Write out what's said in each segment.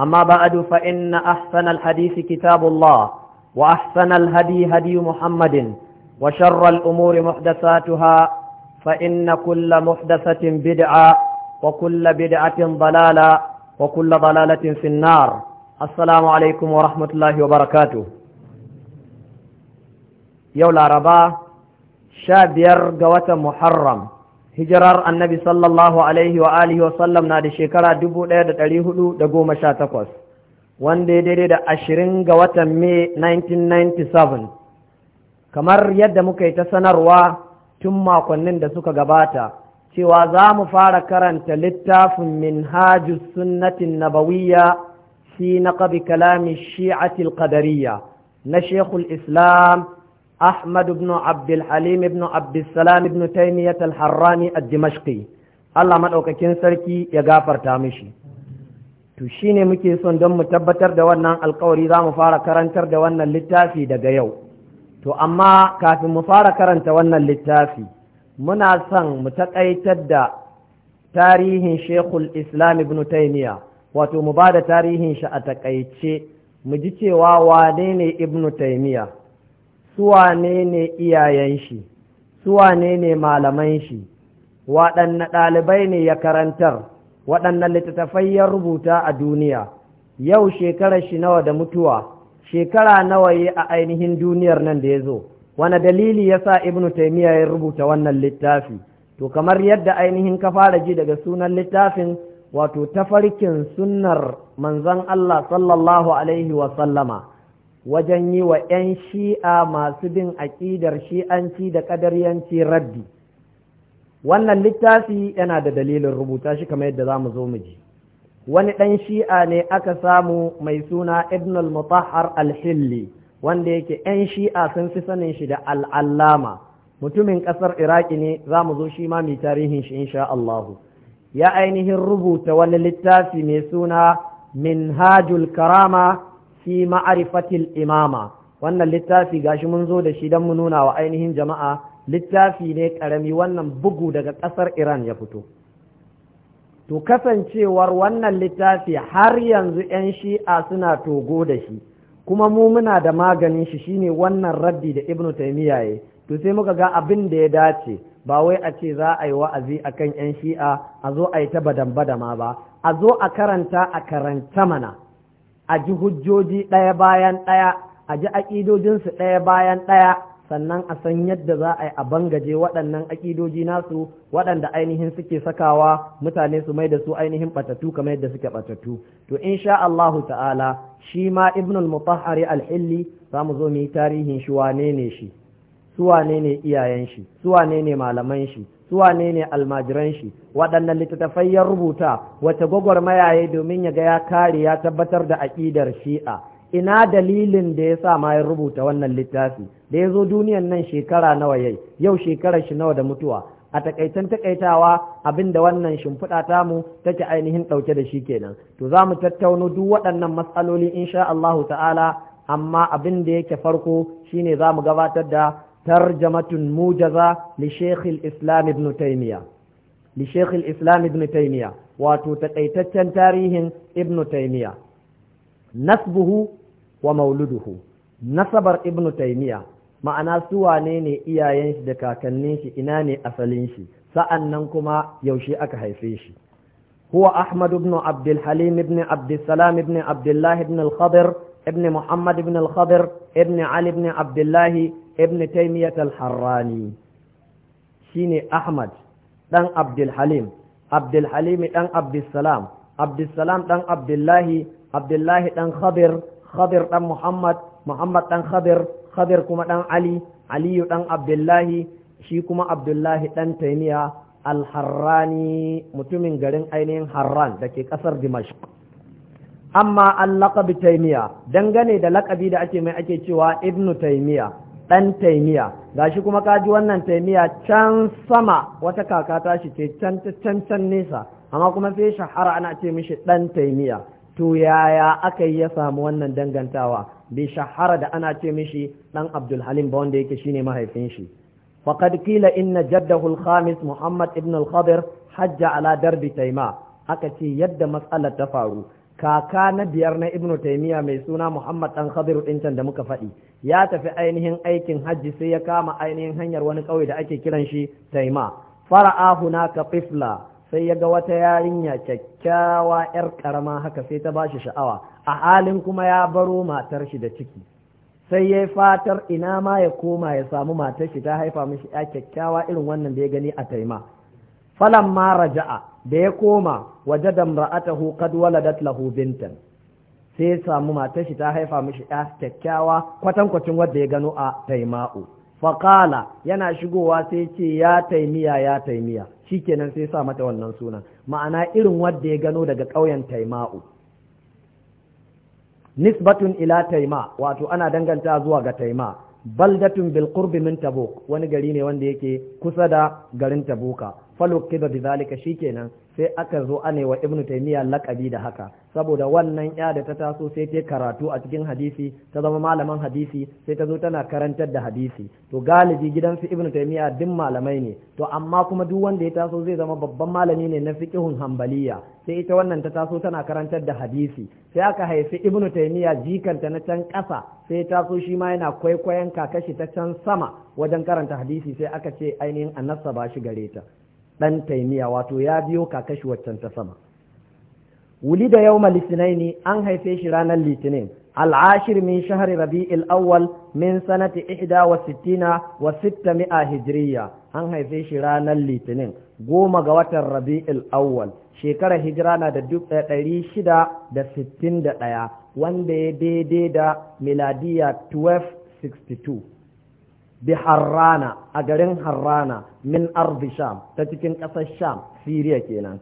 أما بعد فإن أحسن الحديث كتاب الله وأحسن الهدي هدي محمد وشر الأمور محدثاتها فإن كل محدثة بدعة وكل بدعة ضلالة وكل ضلالة في النار السلام عليكم ورحمة الله وبركاته يولا رباه شابير قوة محرم hijirar annabi sallallahu alaihi wa alihi wa sallam na da shekara 1418 wanda ya daidai da 20 ga watan Mai 1997 kamar yadda muka yi ta sanarwa tun makonnin da suka gabata cewa za mu fara karanta littafin minhajus sunnatin nabawiyya fi naqabi kalami shi'atil qadariyya na shekul islam أحمد بن عبد Ibnu بن عبد السلام بن تيمية الحراني Allah maɗaukakin sarki ya gafarta mishi to shine muke son don mu tabbatar da wannan alkawari za mu fara karantar da wannan littafi daga yau to amma kafin mu fara karanta wannan littafi muna san mu taƙaitar da tarihin shekul islam Ibnu taimiya wato mu ba da tarihin shi a taƙaice mu ji cewa wane ne ibn taimiya suwane ne iyayen shi suwane ne malaman shi waɗanne ɗalibai ne ya karantar waɗanne littattafai ya rubuta a duniya yau shekara shi nawa da mutuwa shekara nawa yi a ainihin duniyar nan da ya zo wani dalili ya sa ibnu taimiyya ya rubuta wannan littafi to kamar yadda ainihin ka fara ji daga sunan littafin wato tafarkin sunnar manzon Allah sallallahu alaihi wa sallama wajen yi wa 'yan shi'a masu bin aƙidar shi'anci da ƙadaryanci raddi wannan littafi yana da dalilin rubuta shi kamar yadda za mu zo mu ji wani ɗan shi'a ne aka samu mai suna ibn al-mutahhar al-hilli wanda yake 'yan shi'a sun fi sanin shi da al'allama mutumin ƙasar iraki ne za mu zo shi ma mai tarihin shi insha Allahu ya ainihin rubuta wani littafi mai suna minhajul karama fi ma'arifatil imama wannan littafi gashi mun zo da shi don mu nuna wa ainihin jama'a littafi ne karami wannan bugu daga ƙasar iran ya fito to kasancewar wannan littafi har yanzu 'yan shi'a suna togo da shi kuma mu muna da maganin shi shine wannan raddi da ibnu taymiya yayi to sai muka ga abin da ya dace ba wai a ce za a yi wa'azi a kan 'yan shi'a a zo a yi ta badan badama ba a zo a karanta a karanta mana a ji hujjoji ɗaya bayan ɗaya a ji aƙidojinsu ɗaya bayan ɗaya sannan a san yadda za a yi a bangaje waɗannan aƙidoji nasu waɗanda ainihin suke sakawa mutane su mai da su ainihin ɓatattu kamar yadda suke ɓatattu to insha Allahu ta'ala shi ma ibn al-mutahhari al-hilli za mu zo mu yi tarihin shi wane ne shi su wane ne iyayen shi su wane ne malaman shi su wane ne almajiran shi waɗannan littattafai ya rubuta wace gwagwar mayaye domin ya ga ya kare ya tabbatar da aƙidar shi'a ina dalilin da ya sa ma ya rubuta wannan littafi da ya zo duniyan nan shekara nawa yai yau shekarar shi nawa da mutuwa a takaitan takaitawa abin da wannan shimfiɗa mu take ainihin ɗauke da shi kenan to za mu tattauno duk waɗannan matsaloli insha Allahu ta'ala amma abin da yake farko shine za mu gabatar da tarjamatun mujaza li Sheikh islam Ibn Taymiyyah li islam Ibn wato takaitaccen tarihin Ibn taimiya nasbuhu wa mauluduhu nasabar Ibn taimiya ma'ana su wane ne iyayen shi da kakannin shi ina ne asalin shi sa'an nan kuma yaushe aka haife shi huwa أحمد بن عبد الحليم ibn عبد السلام بن عبد الله بن الخضر ابن محمد بن الخضر ابن علي بن ibn taymiyat al shi ne ahmad dan abdul halim abdul halim dan abdul salam dan abdullahi abdullahi dan khabir khabir dan muhammad muhammad dan khabir khabir kuma dan ali aliyu dan abdullahi shi kuma abdullahi dan taymiya al mutumin garin ainihin harran da ke kasar dimashq amma an lakabi taimiya dangane da lakabi da ake mai ake cewa ibnu taimiya ɗan taimiya gashi kuma kaji wannan taimiya can sama wata kaka shi ce can can can nesa amma kuma sai shahara ana ce mishi ɗan taimiya to yaya aka yi ya samu wannan dangantawa bi shahara da ana ce mishi ɗan abdulhalim ba wanda yake shine mahaifin shi faqad qila inna jaddahu al-khamis muhammad ibn al-khadir hajja ala darbi taima aka ce yadda matsalar ta faru kaka na biyar na ibnu taimiya mai suna muhammad dan khadir din can da muka faɗi ya tafi ainihin aikin hajji sai ya kama ainihin hanyar wani ƙauye da ake kiran shi taima na ka fifla sai ya ga wata yarinya kyakkyawa yar karama haka sai ta bashi sha'awa a halin kuma ya baro matar shi da ciki sai ya fatar ina ma ya koma ya samu matar shi ta haifa mishi ya kyakkyawa irin wannan da ya gani a taima falan ma raja'a da ya koma waje da ra'atahu qad waladat lahu bintan sai ya samu matar shi ta haifa mishi ya kyakkyawa kwatankwacin wadda ya gano a taima'u faƙala yana shigowa sai ce ya taimiya ya taimiya shikenan sai sa mata wannan sunan ma'ana irin wadda ya gano daga ƙauyen taima'u nisbatun ila taima wato ana danganta zuwa ga taima baldatun bil qurbi min tabuk wani gari ne wanda yake kusa da garin tabuka falukiba bi zalika shikenan sai aka zo ane wa ibnu taimiya lakabi da haka saboda wannan ya da ta taso sai ta karatu a cikin hadisi ta zama malaman hadisi sai ta zo tana karantar da hadisi to galibi gidan su ibnu taymiya din malamai ne to amma kuma duk wanda ya taso zai zama babban malami ne na fiqhun hanbaliya sai ita wannan ta taso tana karantar da hadisi sai aka haifi ibnu taimiyya jikanta na can kasa sai ta taso shi ma yana kwaikwayon kakashi ta can sama wajen karanta hadisi sai aka ce ainihin annasa ba shi gare ta ɗan taimiya wato ya biyo kakashi waccan ta sama wuli da yau ne an haife shi ranar litinin al'ashir min shahar rabi'il awwal min sanati ihda wa sittina wa sitta mi'a hijiriya an haife shi ranar litinin goma ga watan rabi'il awwal shekarar hijira na da duk eh, ɗari shida da sittin da ɗaya wanda ya daidai da miladiya 1262 bi a garin harrana min arzi sham ta cikin ƙasar sham siriya kenan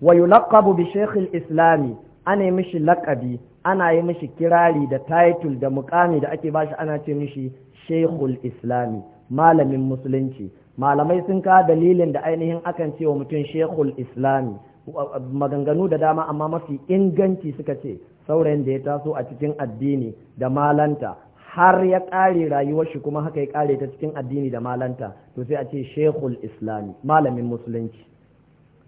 wa yulaqabu bi shaykhil islami ana yi mishi laƙabi ana yi mishi kirari da title da mukami da ake bashi ana ce mishi shaykhul islami malamin musulunci malamai sun ka dalilin da ainihin akan ce wa mutum shekul islami maganganu da dama amma mafi inganci suka ce saurayin da ya taso a cikin addini da malanta har ya ƙare rayuwarshi kuma haka ya ƙare ta cikin addini da malanta to sai a ce shekul islami malamin musulunci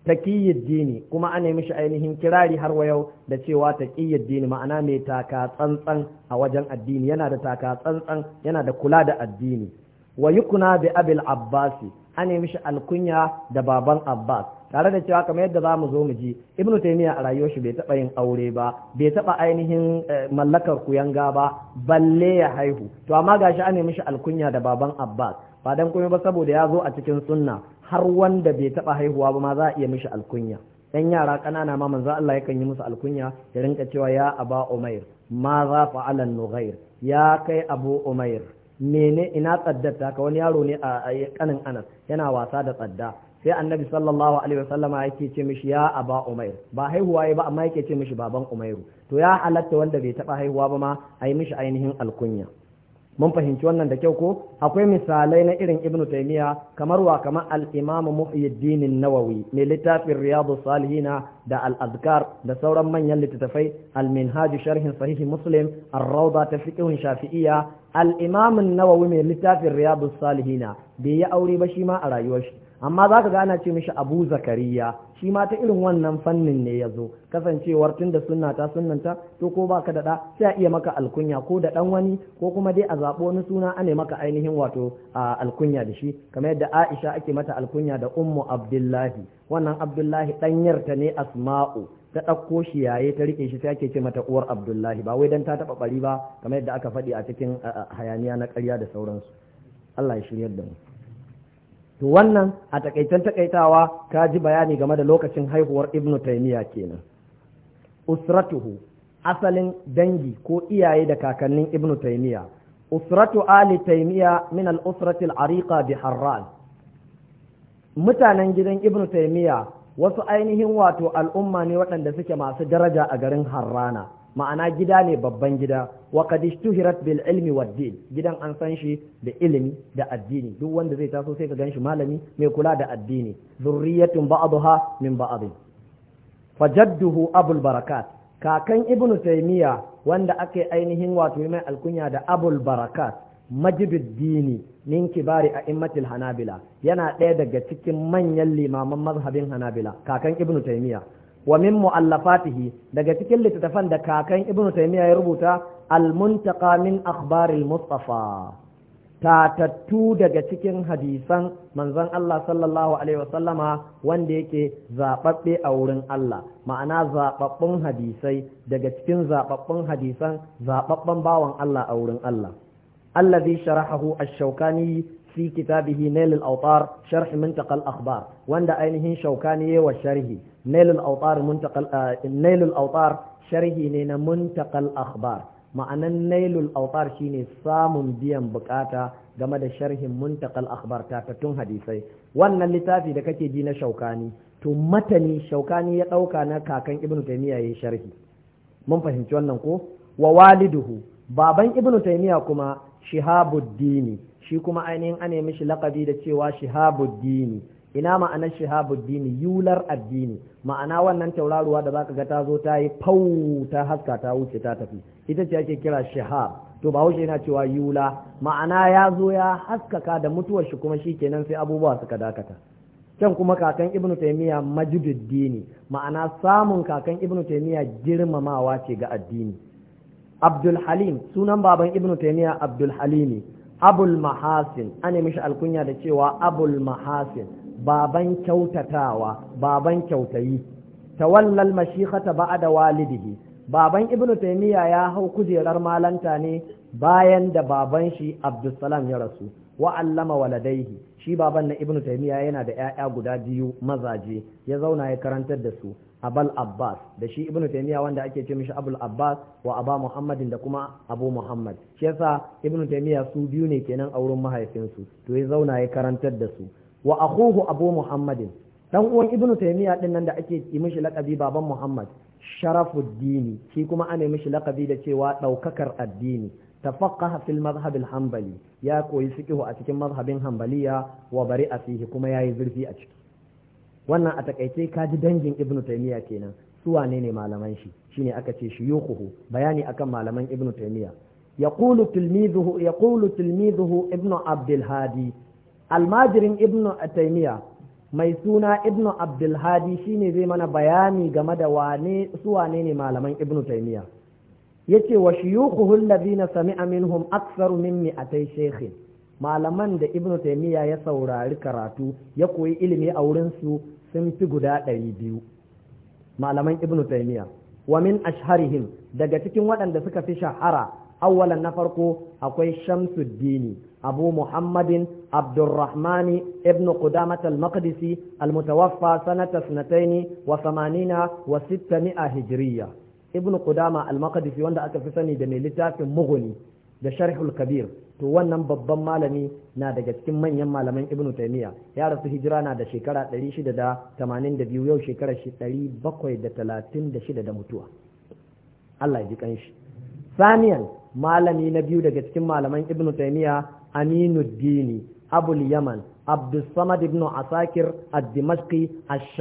ƙiyyar dini kuma an yi mishi ainihin kirari har wa yau da cewa ƙiyyar dini ma'ana mai taka tsantsan a wajen addini yana da taka tsantsan yana da kula da addini wa yukuna bi abil abbasi ana yi mishi alkunya da baban abbas tare da cewa kamar yadda za mu zo mu ji ibnu taymiya a rayuwar shi bai taba yin aure ba bai taba ainihin eh, mallakar kuyanga ba balle ya haihu to amma gashi an nemi shi alkunya da baban abbas ba dan kuma ba saboda ya zo a cikin sunna har wanda bai taba haihuwa ba ma za a iya mishi alkunya dan yara kanana ma manzo Allah yakan yi musu alkunya ya rinka cewa ya aba umair ma za fa'ala nughair ya kai abu umair mene ina tsaddata ka wani yaro ne a kanin anas yana wasa da tsadda sai annabi sallallahu alaihi wasallama yake ce mishi ya aba umairu ba haihuwa ya ba amma yake ce mishi baban umairu to ya halatta wanda bai taba haihuwa ba ma a yi mishi ainihin alkunya mun fahimci wannan da kyau ko akwai misalai na irin ibnu taymiya kamar wa kamar al-imam muhyiddin nawawi mai littafin riyadu salihina da al-azkar da sauran manyan littattafai al-minhaj sharhin sahih muslim ar-rawda ta fiqhun shafi'iyya al-imam an-nawawi mai littafin riyadu salihina bai yi aure ba shi ma a rayuwar shi amma za ka gana ce mishi abu zakariya shi ma ta irin wannan fannin ne ya zo kasancewar tun da sunna ta sunnanta to ko ba ka daɗa sai a iya maka alkunya ko da ɗan wani ko kuma dai a zaɓo wani suna a ne maka ainihin wato alkunya da shi kamar yadda aisha ake mata alkunya da ummu abdullahi wannan abdullahi ɗanyarta ne asma'u ta ɗauko shi yaye ta riƙe shi sai ake ce mata uwar abdullahi ba wai dan ta taɓa ɓari ba kamar yadda aka faɗi a cikin hayaniya na ƙarya da sauransu Allah ya shiryar da mu to wannan a takaitan takaitawa ka ji bayani game da lokacin haihuwar ibnu taimiya kenan usratuhu asalin dangi ko iyaye da kakannin ibnu taimiya, usratu ali taimiya min al usrati ariqa bi harran mutanen gidan ibnu taimiya wasu ainihin wato al'umma ne waɗanda suke masu daraja a garin harrana ma'ana gida ne babban gida wa qad bil ilmi wad din gidan an san shi da ilimi da addini duk wanda zai taso sai ka ganshi malami mai kula da addini zurriyatun ba'daha min ba'd fajadduhu abul barakat kakan ibnu taymiya wanda ake ainihin wato mai alkunya da abul barakat dini nin kibari a immatil hanabila yana ɗaya daga cikin manyan limaman mazhabin hanabila kakan ibnu taymiya wa min mu'allafatihi daga cikin littattafan da kakan ibn taymiya ya rubuta al-muntaqa min akhbaril mustafa tatattu daga cikin hadisan manzon Allah sallallahu alaihi wasallama wanda yake zababbe a wurin Allah ma'ana zababbun hadisai daga cikin zababbun hadisan zababben bawan Allah a wurin Allah allazi sharahahu ash-shawkani fi kitabihi nail al-awtar sharh muntaqa al-akhbar wanda ainihin shawkani wa sharhi nailul autar ah, sharhi ne na muntakal akhbar ma'anan nailul autar shine samun biyan bukata game da sharhin muntakal akhbar tun hadisai wannan littafi da kake ji na shaukani to matani shaukani ya ɗauka na kakan ibnu taymiya yayin sharhi mun fahimci wannan ko wa waliduhu baban ibnu taymiya kuma shihabuddini shi kuma ainihin nemi mishi laƙabi da cewa shihabuddini ina ma'anar shihabuddini yular addini ma'ana wannan tauraruwa da zaka ga ta zo ta yi fau ta haska ta wuce ta tafi ita ce ake kira shihab to ba wuce yana cewa yula ma'ana ya zo ya haskaka da mutuwar shi kuma shi kenan sai abubuwa suka dakata can kuma kakan ibnu taymiya majiduddini ma'ana samun kakan ibnu taymiya girmamawa ce ga addini abdul halim sunan baban ibnu taymiya abdul halimi abul mahasin ana mishi alkunya da cewa abul mahasin baban kyautatawa baban kyautayi tawallal mashikata ba'da walidihi baban ibnu taymiya ya hau kujerar malanta ne bayan da baban shi Abdulsalam ya rasu wa allama waladaihi shi baban na ibnu taymiya yana da 'ya'ya guda biyu mazaje ya zauna ya karantar da su abal abbas da shi ibnu taymiya wanda ake ce mishi abul abbas wa aba muhammadin da kuma abu muhammad shi yasa ibnu taymiya su biyu ne kenan a wurin mahaifinsu to ya zauna ya karantar da su wa akhuhu abu muhammadin dan uwan ibnu taymiya din nan da ake yi mishi laqabi baban muhammad sharafuddini shi kuma ana mishi laqabi da cewa daukakar addini tafaqaha fil madhhab al hanbali ya koyi sikihu a cikin mazhabin hanbaliya wa bari'a fihi kuma yayi zurfi a ciki wannan a takaice ka ji dangin ibnu taymiya kenan su wane ne malaman shi shine aka ce shuyukhu bayani akan malaman ibnu taymiya yaqulu tilmizuhu yaqulu tilmizuhu ibnu abdul hadi almajirin ibnu taimiya mai suna ibnu abdulhadi shine zai mana bayani game da wane su wane ne malaman ibnu taimiya yace wa Sami alladhina sami'a minhum aktsaru min mi'atay shaykhin malaman da ibnu taimiyya ya saurari karatu ya koyi ilimi a wurin su sun fi guda ɗari biyu malaman ibnu taimiyya wa min ashharihim daga cikin waɗanda suka fi shahara awwalan na farko akwai shamsuddini أبو محمد عبد الرحمن ابن قدامة المقدسي المتوفى سنة سنتين وثمانين وستمائة هجرية ابن قدامة المقدسي وانا da دمي لتاف مغني da sharhul kabir to wannan babban malami na daga cikin manyan malaman ibn taymiya ya rasu hijira na da shekara 682 yau shekara 736 da mutuwa Allah ya ji kanshi saniyan malami na biyu daga cikin malaman ibn taymiya aminuddini abul yaman Abdulsamad Ibnu asakir ad-dimashqi ash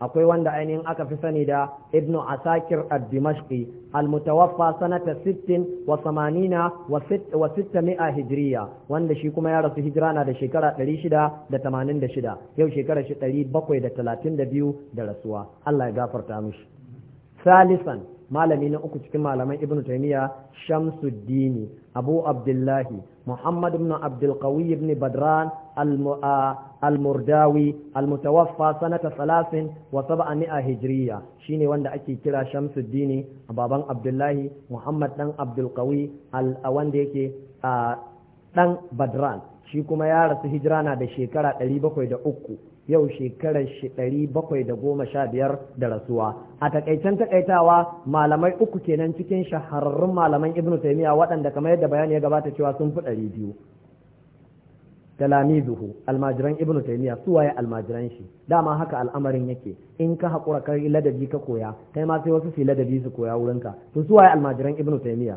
akwai wanda ainihin aka fi sani da ibn asakir ad-dimashqi al-mutawaffa sanata 60 wa 80 wa 600 hijriya wanda shi kuma ya rasu hijira na da shekara 686 yau shekara shi ɗari 732 da talatin da da biyu rasuwa Allah ya gafarta mishi salisan malami na uku cikin malaman ibn taymiya shamsuddini abu abdullahi muhammad ibn abdul qawi ibn badran al-murdawi al-mutawaffa sanata 3 wa 700 hijriya shine wanda ake kira shamsuddini baban abdullahi muhammad dan abdul qawi wanda yake dan badran shi kuma ya rasu hijira na da shekara 703 yau shekarar shi ɗari bakwai da goma sha biyar da rasuwa a takaicen takaitawa malamai uku kenan cikin shahararrun malaman ibnu taimiyya waɗanda kamar yadda bayani ya gabata cewa sun fi ɗari biyu talamizuhu almajiran ibnu taymiya su waye almajiran shi dama haka al'amarin yake in ka hakura kai ladabi ka koya kai ma sai wasu su ladabi su koya wurin ka to su waye almajiran ibnu taymiya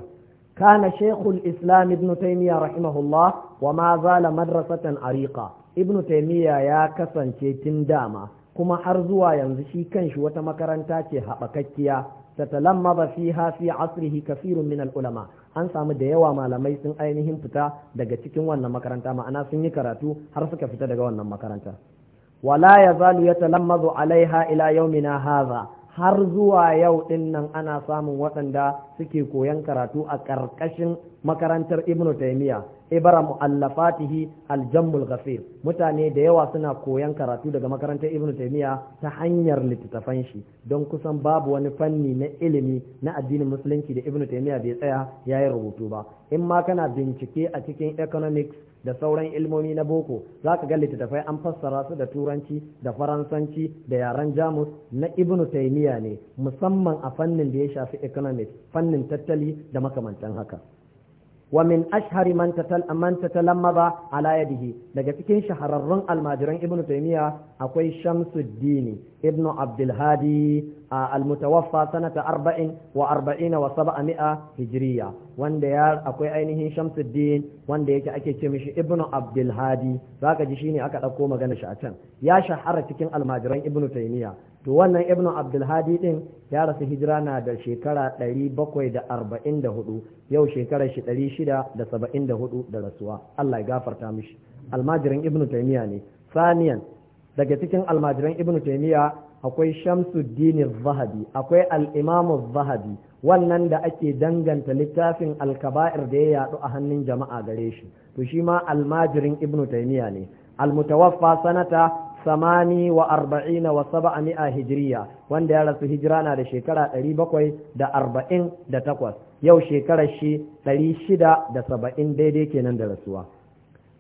kana shaykhul islam ibnu taymiya rahimahullah wa ma zala madrasatan ariqa ibnu taimiyya ya kasance tun dama kuma har zuwa yanzu shi kanshi wata makaranta ce haɓakakkiya tatalamma fiha fi asrihi kafirun min ulama an samu da yawa malamai sun ainihin fita daga cikin wannan makaranta ma'ana sun yi karatu har suka fita daga wannan makaranta wala yazalu yatalammazu alaiha ila yaumina hadha har zuwa yau din nan ana samun waɗanda suke koyan karatu a ƙarƙashin makarantar ibnu taymiya ibara muallafatihi aljammul ghafir mutane da yawa suna koyan karatu daga makarantar ibn taymiya ta hanyar littattafan shi don kusan babu wani fanni na ilimi na addinin musulunci da ibn taymiya bai tsaya yayin rubutu ba in ma kana bincike a cikin economics da sauran ilmomi na boko za ka ga littattafai an fassara su da turanci da faransanci da yaren jamus na ibn taymiya ne musamman a fannin da ya shafi economics fannin tattali da makamantan haka wa min ashhari man man tatalammada ala yadihi daga cikin shahararrun almajiran ibn taymiya akwai shamsuddin ibn abdul hadi المتوفى سنة أربع وأربعين وسبعمائة هجرية wanda ya akwai ainihin Shamsuddin wanda yake ake ce mishi Ibn Abdul Hadi zaka ji ne aka ɗauko magana shi a can ya shahara cikin almajiran Ibn Taymiya to wannan ibnu abdulhadi din ya rasu hijira na da shekara 744 yau shekarar shi 674 da rasuwa Allah ya gafarta mishi almajirin ibnu taymiya ne saniyan daga cikin almajirin ibnu taymiya akwai shamsuddin zahabi akwai al-imam zahabi wannan da ake danganta littafin al-kaba'ir da ya yadu a hannun jama'a gare shi to shi ma almajirin ibnu taymiya ne al-mutawaffa sanata samani wa arba'ina wa saba'ami'a hijiriya wanda ya rasu hijira na da shekara ɗari bakwai da arba'in da takwas yau shekarar shi ɗari shida da saba'in daidai kenan da rasuwa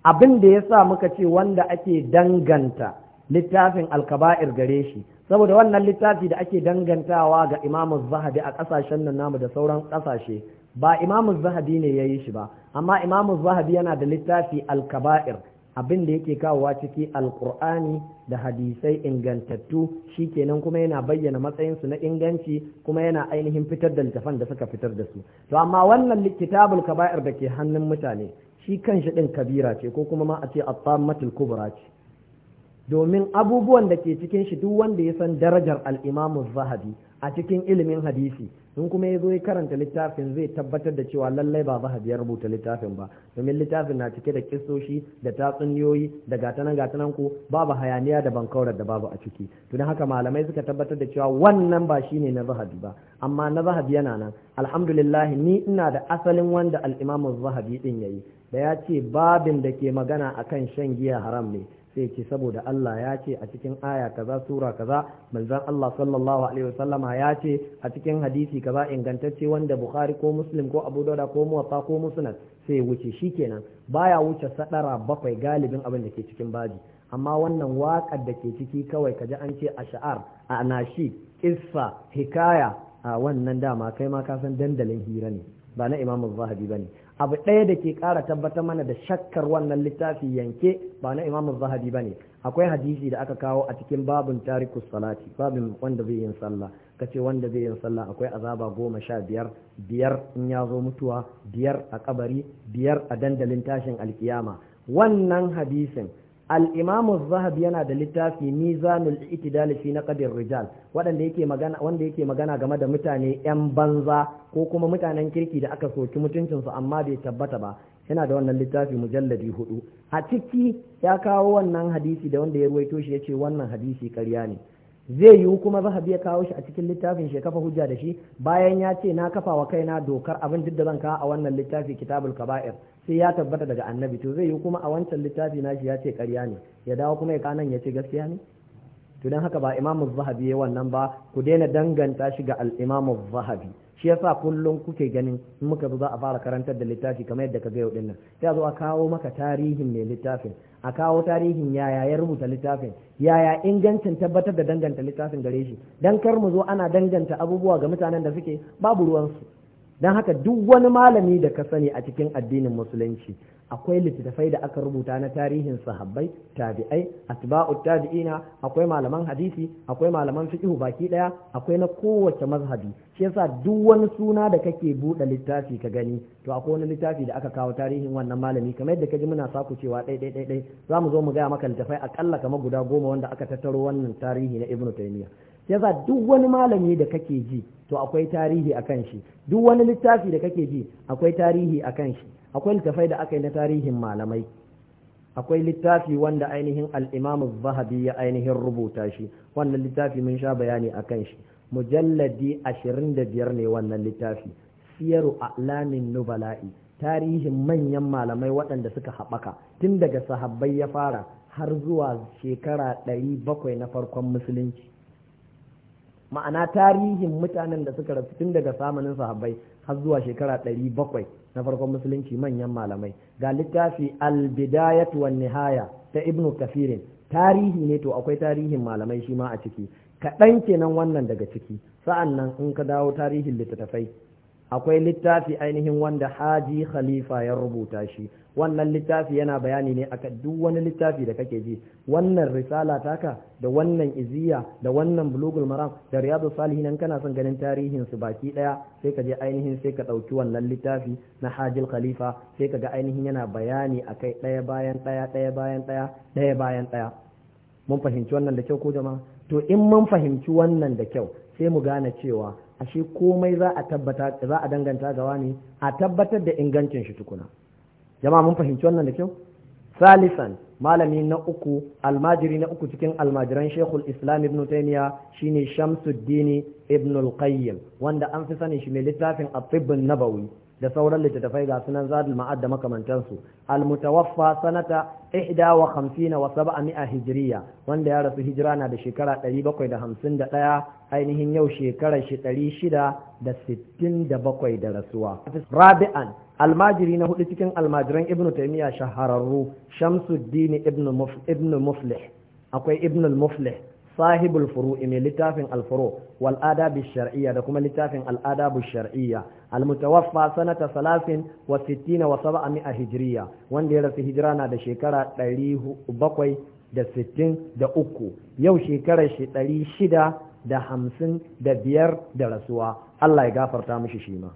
abin da ya sa muka ce wanda ake danganta littafin alkaba'ir gare shi saboda wannan littafi da ake dangantawa ga imamu zahabi a ƙasashen nan namu da sauran ƙasashe ba imamu zahabi ne ya yi shi ba amma imamu zahabi yana da littafi alkaba'ir abin da yake kawowa ciki alkur'ani da hadisai ingantattu shi kenan kuma yana bayyana matsayinsu na inganci kuma yana ainihin fitar da littafan da suka fitar da su to amma wannan kitabul kaba'ir da ke hannun mutane shi kanshi din kabira ce ko kuma ma a ce at-tammatul kubra ce domin abubuwan da ke cikin shi duk wanda ya san darajar al-imamu zahabi a cikin ilimin hadisi Sun kuma ya zo ya karanta littafin zai tabbatar da cewa lallai ba zahabi ya rubuta littafin ba domin littafin na cike da kisoshi da tatsuniyoyi da gatanan gatanan ku babu hayaniya da bankaurar da babu a ciki to don haka malamai suka tabbatar da cewa wannan ba shine na zahabi ba amma na zahabi yana nan alhamdulillah ni ina da asalin wanda al zahabi din yayi da ya ce babin da ke magana akan shan giya haram ne sai ce saboda Allah ya ce a cikin aya kaza sura kaza manzon Allah sallallahu alaihi wasallama ya ce a cikin hadisi kaza ingantacce wanda Bukhari ko Muslim ko Abu Dawud ko Muwatta ko Musnad sai wuce shi shikenan baya wuce sadara bakwai galibin abin da ke cikin baji amma wannan waƙar da ke ciki kawai kaji an ce a sha'ar a shi qissa hikaya a wannan dama kai ma kasan dandalin hira ne ba na Imam Zahabi ne. abu ɗaya da ke ƙara tabbatar mana da shakkar wannan littafi yanke ba na imamu zahabi ba ne akwai hadisi da aka kawo a cikin babin tariku salati babin wanda zai yin sallah ka ce wanda zai yin sallah akwai azaba goma sha biyar biyar in ya zo mutuwa biyar a kabari biyar a dandalin tashin alkiyama wannan hadisin al-imam yana da littafi mizanul itidal fi naqdir rijal wanda yake magana wanda yake magana game da mutane yan banza ko kuma mutanen kirki da aka soki mutuncin su amma bai tabbata ba yana da wannan littafi mujalladi hudu a ciki ya kawo wannan hadisi da wanda ya ruwaito shi yace wannan hadisi ƙarya ne zai yiwu kuma zahabi ya kawo shi a cikin littafin shi kafa hujja da shi bayan ya ce na kafa wa kaina dokar abin duk da zan kawo a wannan littafi kitabul kaba'ir sai ya tabbata daga annabi to zai yiwu kuma a wancan littafi na shi ya ce karya ne ya dawo kuma ya kanan ya ce gaskiya ne to don haka ba imamu zahabi ya wannan ba ku daina danganta shi ga al'imamu zahabi shi yasa kullum kuke ganin in muka zo za a fara karantar da littafi kamar yadda ka ga yau dinnan sai a zo a kawo maka tarihin ne littafin a kawo tarihin yaya ya rubuta littafin yaya ingancin tabbatar da danganta littafin gare shi dan kar mu zo ana danganta abubuwa ga mutanen da suke babu ruwansu don haka duk wani malami da ka sani a cikin addinin musulunci akwai littattafai da aka rubuta na tarihin sahabbai tabi'ai atba'u tabi'ina akwai malaman hadisi akwai malaman fiqh baki daya akwai na kowace mazhabi shi yasa duk wani suna da kake buɗe littafi ka gani to akwai wani littafi da aka kawo tarihin wannan malami kamar yadda kaji muna saku cewa ɗai ɗai ɗai za mu zo mu gaya maka littattafai akalla kamar guda goma wanda aka tattaro wannan tarihi na ibnu taymiyyah za duk wani malami da kake ji to akwai tarihi a kan shi duk wani littafi da kake ji akwai tarihi a kan shi akwai littafai da aka yi na tarihin malamai akwai littafi wanda ainihin al zahabi ya ainihin rubuta shi wannan littafi mun sha bayani a kan shi mujalladi ashirin da biyar ne wannan littafi siyaru a'lamin nubala'i tarihin manyan malamai waɗanda suka haɓaka tun daga sahabbai ya fara har zuwa shekara ɗari bakwai na farkon musulunci ma'ana tarihin mutanen da suka rasu tun daga samanin sahabbai har zuwa shekara ɗari bakwai na farkon musulunci manyan malamai ga littafi al-bidayat wan nihaya ta ibnu kafirin tarihi ne to akwai tarihin malamai shi ma a ciki kaɗan kenan wannan daga ciki sa'an nan in ka dawo tarihin littattafai akwai littafi ainihin wanda haji khalifa ya rubuta shi wannan littafi yana bayani ne a duk wani littafi da kake ji wannan risala taka da wannan iziya da wannan bulugul maram da riyadu salihin kana son ganin tarihin su baki daya sai ka je ainihin sai ka dauki wannan littafi na hajil khalifa sai ka ga ainihin yana bayani akai daya bayan daya daya bayan daya daya bayan daya mun fahimci wannan da kyau ko jama'a to in mun fahimci wannan da kyau sai mu gane cewa ashe komai za a tabbata za a danganta ga wani a tabbatar da ingancin shi tukuna jama'a mun fahimci wannan da kyau salisan malami na uku almajiri na uku cikin almajiran shekul islam ibn taymiya shine shamsuddin ibn al wanda an fi sanin shi mai littafin at-tibb an-nabawi da sauran littattafai ga sunan zadul ma'ad da makamantansu almutawaffa sanata 51 wa 700 hijriya wanda ya rasu hijira na da shekara 751 ainihin yau shekara shi 667 da rasuwa rabi'an almajiri na hudu cikin almajiran ibnu taymiya shahararru shamsuddin ibnu muflih akwai ibnu muflih sahibul furu'i mai littafin alfuru wal adabi da kuma littafin al adabu shar'iyya al mutawaffa sanata 63 wa 60 wa 700 hijriya wanda ya rasu hijira na da shekara 700 da sittin da uku yau shekarar shi shida da hamsin da biyar da rasuwa Allah ya gafarta mishi shi ma.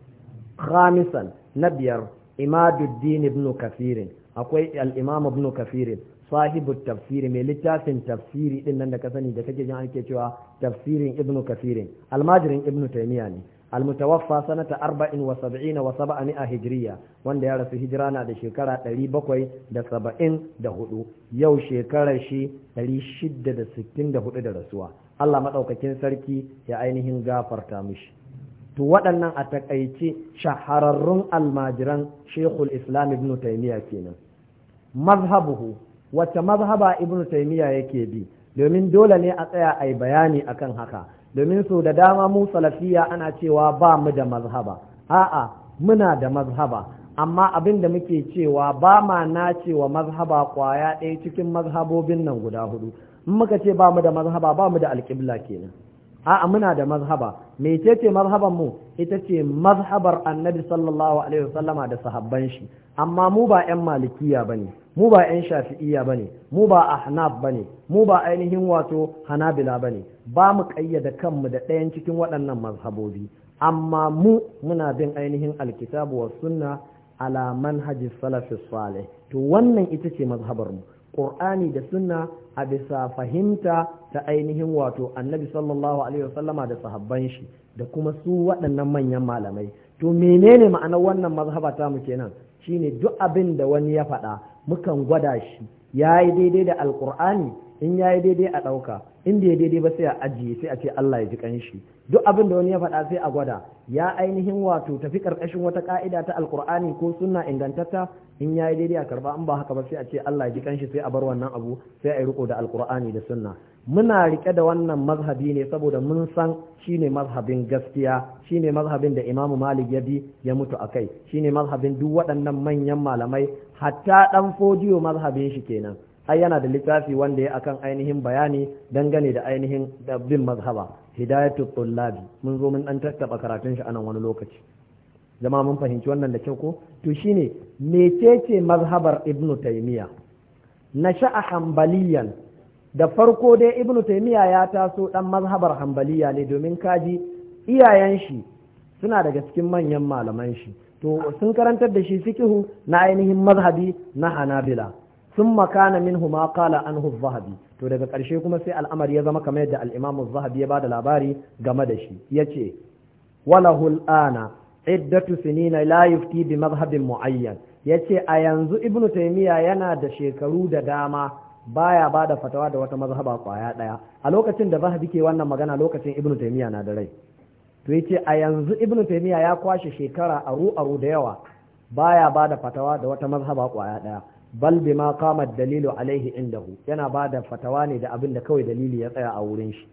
Khamisan na biyar Imaduddin ibn Kafirin akwai al'imam ibn Kafirin sahibu tafsiri mai littafin tafsiri din nan da ka sani da kake jin ake cewa tafsirin ibnu kafirin almajirin ibnu taymiya ne almutawaffa sanata arba'in wa sab'ina wa sab'ani a hijriya wanda ya rasu hijira na da shekara ɗari bakwai da saba'in da hudu yau shekarar shi ɗari shidda da sittin da hudu da rasuwa Allah maɗaukakin sarki ya ainihin gafarta mishi to waɗannan a taƙaice shahararrun almajiran shekul islam ibn taymiya kenan mazhabuhu wacce mazhaba ibnu taymiya yake bi domin dole ne a tsaya a yi bayani akan haka domin so da dama mu salafiya ana cewa ba mu da mazhaba a'a muna da mazhaba amma abin da muke cewa ba ma na cewa mazhaba kwaya ɗaya cikin mazhabobin nan guda hudu in muka ce ba mu da mazhaba ba mu da alƙibla kenan a'a muna da mazhaba Me ce ce mazhaban mu ita ce mazhabar annabi sallallahu alaihi wasallama da sahabban shi amma mu ba 'yan malikiya bane mu ba 'yan shafi'iyya ba ne mu ba ahnaf ba ne mu ba ainihin wato hanabila ba ne ba mu ƙayyada kanmu da ɗayan cikin waɗannan mazhabobi amma mu muna bin ainihin alkitabu wa sunna ala manhajis salafis salih to wannan ita ce mazhabarmu. ƙur'ani da sunna a bisa fahimta ta ainihin wato annabi sallallahu alaihi wasallama da sahabban shi da kuma su waɗannan manyan malamai to menene ma'anar wannan mazhaba ta mu kenan shine duk abin da wani ya faɗa mukan gwada shi ya yi daidai da alkur'ani in ya yi daidai a ɗauka in da ya daidai ba sai a ajiye sai a ce Allah ya ji kanshi duk abin da wani ya faɗa sai a gwada ya ainihin wato tafi ƙarƙashin wata ƙa'ida ta alkur'ani ko sunna ingantatta in ya yi daidai a karba in ba haka ba sai a ce Allah ya ji kanshi sai a bar wannan abu sai a yi riko da alkur'ani da sunna muna rike da wannan mazhabi ne saboda mun san shine mazhabin gaskiya shine mazhabin da imamu malik ya bi ya mutu akai shine mazhabin duk waɗannan manyan malamai hatta dan fodiyo mazhabin shi kenan ai yana da littafi wanda ya akan ainihin bayani dangane da ainihin bin mazhaba hidayatu tullabi mun zo mun dan tattaba karatun shi anan wani lokaci jama'a mun fahimci wannan da kyau ko to shine mecece mazhabar ibnu taymiya nasha'a hanbaliyan da farko dai ibnu taymiya ya taso dan mazhabar hanbaliya ne domin kaji iyayen shi suna daga cikin manyan malaman shi to sun karantar da shi fiqhu na ainihin mazhabi na hanabila sun makana min huma kala an zahabi to daga karshe kuma sai al'amari ya zama kamar yadda al'imamu zahabi ya ba da labari game da shi ya ce walahul ana iddatu sinina la yufti bi mazhabin muayyan ya ce a yanzu ibnu taimiya yana da shekaru da dama baya ba da fatawa da wata mazhaba kwaya ɗaya a lokacin da zahabi ke wannan magana lokacin ibnu taimiya na da rai to yace a yanzu ibnu taymiya ya kwashe shekara aru aru da yawa baya bada fatawa da wata mazhaba kwaya daya bal bima qama dalilu alaihi indahu yana bada fatawa ne da abin da kawai dalili ya tsaya a wurin shi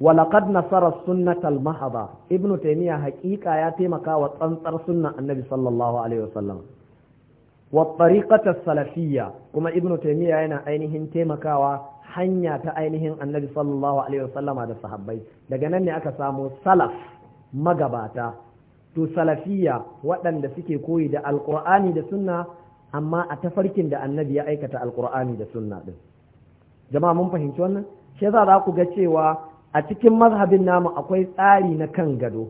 ولقد nasarar sunnatal mahaba ibnu taymiya haƙiƙa ya taimaka wa tsantsar sunnan Annabi Sallallahu alaihi wasallam wa salafiyya kuma ibnu taymiya yana ainihin taimakawa hanya ta ainihin annabi sallallahu alaihi wasallama da sahabbai daga nan ne aka samo salaf magabata to salafiyya waɗanda suke koyi da Alƙur'ani da sunna amma a tafarkin da annabi ya aikata Alƙur'ani da sunna din jama'a mun fahimci wannan shi za ku ga cewa a cikin mazhabin namu akwai tsari na kan gado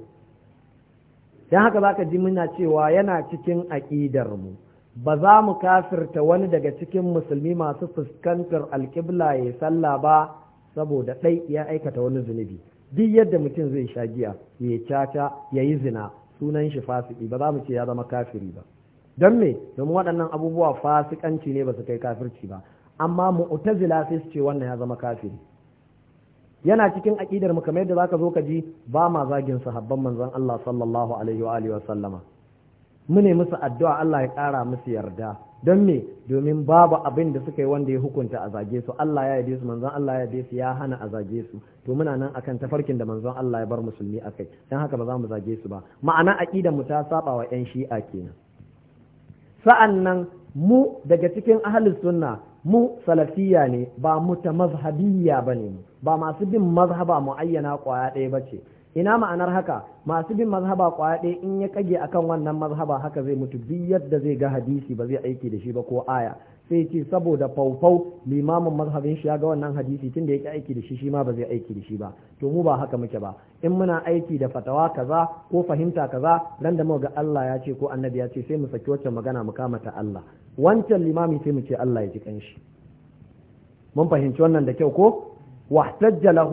don haka za ka ji muna cewa yana cikin aƙidar mu ba za mu kafirta wani daga cikin musulmi masu fuskantar alƙibla ya sallah ba saboda ɗai ya aikata wani zunubi duk yadda mutum zai sha giya ya caca ya yi zina sunan shi fasiki ba za mu ce ya zama kafiri ba don me domin waɗannan abubuwa fasikanci ne ba su kai kafirci ba amma mu'tazila sai su ce wannan ya zama kafiri yana cikin aƙidar mu kamar yadda zaka zo ka ji ba ma zagin sahabban manzon Allah sallallahu alaihi wa alihi wa sallama Mune musu addu'a Allah ya ƙara musu yarda don me domin babu abin da suka yi wanda ya hukunta a zage su Allah ya yabe su manzon Allah ya yabe su ya hana a zage su to muna nan akan tafarkin da manzon Allah ya bar musulmi a kai dan haka ba za mu zage su ba ma'ana aqidar mu ta saba wa yan shi'a kenan sa'annan mu daga cikin ahlus sunna mu salafiyya ne ba mu ta mazhabiyya bane ba masu bin mazhaba muayyana kwaya ɗaya bace ina ma'anar haka masu bin mazhaba kwaɗe in ya kage akan wannan mazhaba haka zai mutu bi yadda zai ga hadisi ba zai aiki da shi ba ko aya sai ce saboda faufau limamin mazhabin shi ya ga wannan hadisi tunda yake aiki da shi shi ma ba zai aiki da shi ba to mu ba haka muke ba in muna aiki da fatawa kaza ko fahimta kaza ran da muga Allah ya ce ko annabi ya ce sai mu saki wacce magana mu kamata Allah wancan limami sai mu ce Allah ya ji kanshi mun fahimci wannan da kyau ko واحتج له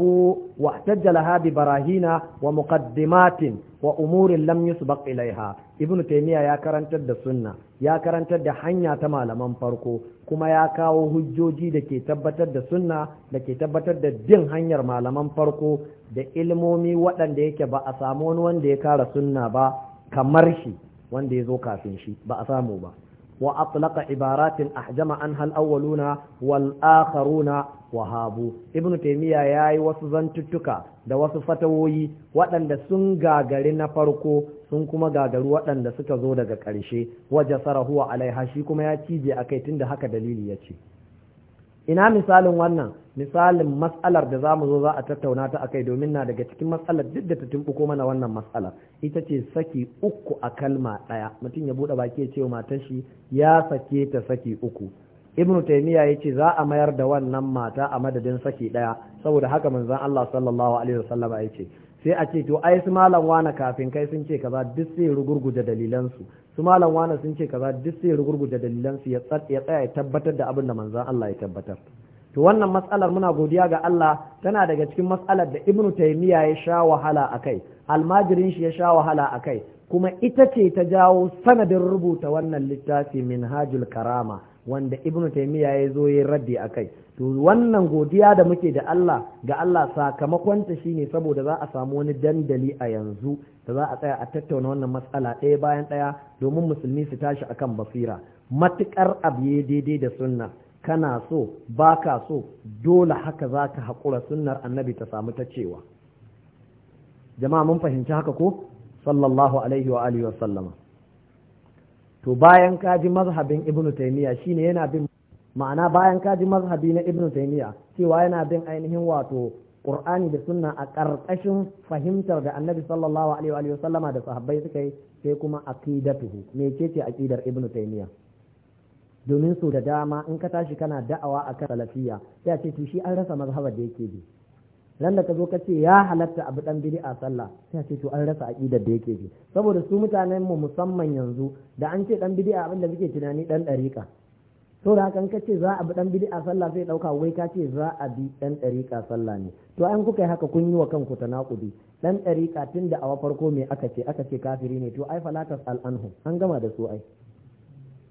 واحتج لها ببراهين ومقدمات وامور لم يسبق اليها ابن تيميه يا كرنت السنة يا كرنت ده حنيا تما لمن فرقو كما يا كاو هجوجي دكي تبتت السنة دكي تبتت الدين حنير ما لمن فرقو ده علمومي ودان ده ba با اسامون وان ده ya kara با كمرشي وان ده يزو كافين شي با اسامو با Wa وأطلق عبارات أحجم عنها الأولون والآخرون wahabu ibn taymiya yayi wasu zantuttuka da wasu fatawoyi waɗanda sun gagari na farko sun kuma gagari waɗanda suka zo daga ƙarshe waje sarahuwa alaiha shi kuma ya cije kai tunda haka dalili ya ce ina misalin wannan misalin matsalar da zamu zo za a tattauna ta akai domin na daga cikin matsalar duk da ta tumbuko mana wannan matsalar ita ce saki uku a kalma ɗaya mutum ya buɗe baki ya ce wa matar shi ya sake ta saki uku ibnu taymiya ce za a mayar da wannan mata a madadin saki ɗaya saboda haka manzon Allah sallallahu alaihi wasallam ce sai a ce to ai su malam wana kafin kai sun ce kaza duk sai rugurguje dalilansu su malam wana sun ce kaza duk sai dalilan dalilansu ya tsaya ya tabbatar da abin da manzon Allah ya tabbatar to wannan matsalar muna godiya ga Allah tana daga cikin matsalar da Ibn Taymiyyah ya sha wahala akai almajirin shi ya sha wahala akai kuma ita ce ta jawo sanadin rubuta wannan littafi Minhajul Karama wanda Ibn Taymiyyah ya zo ya raddi akai to wannan godiya da muke da Allah ga Allah sakamakonta shine saboda za a samu wani dandali a yanzu da za a tsaya a tattauna wannan matsala ɗaya bayan ɗaya domin musulmi su tashi akan basira matukar abu daidai da sunna kana so baka so dole haka za ka haƙura sunnar annabi ta samu ta cewa jama'a mun fahimci haka ko sallallahu alaihi wa alihi wa sallama to bayan ka ji mazhabin ibnu taymiya shine yana bin ma'ana bayan ka ji mazhabi na ibnu taymiya cewa yana bin ainihin wato qur'ani da sunna a ƙarƙashin fahimtar da annabi sallallahu alaihi wa alihi wa sallama da sahabbai suka yi sai kuma aqidatuhu me ce ce aqidar ibnu taymiya domin su da dama in ka tashi kana da'awa a kan salafiya sai a ce to shi an rasa mazhabar da yake bi ran da ka zo ka ce ya halatta abu dan a sallah sai ce to an rasa aqidar da yake bi saboda su mutanen mu musamman yanzu da an ce dan bid'a abin da muke tunani dan dariqa to da hakan ka ce za a bi dan a sallah sai dauka wai ka ce za a bi dan dariqa sallah ne to an kuka yi haka kun yi wa kanku tanakudi dan dariqa tun da awa farko me aka ce aka ce kafiri ne to ai falatas al anhu an gama da su ai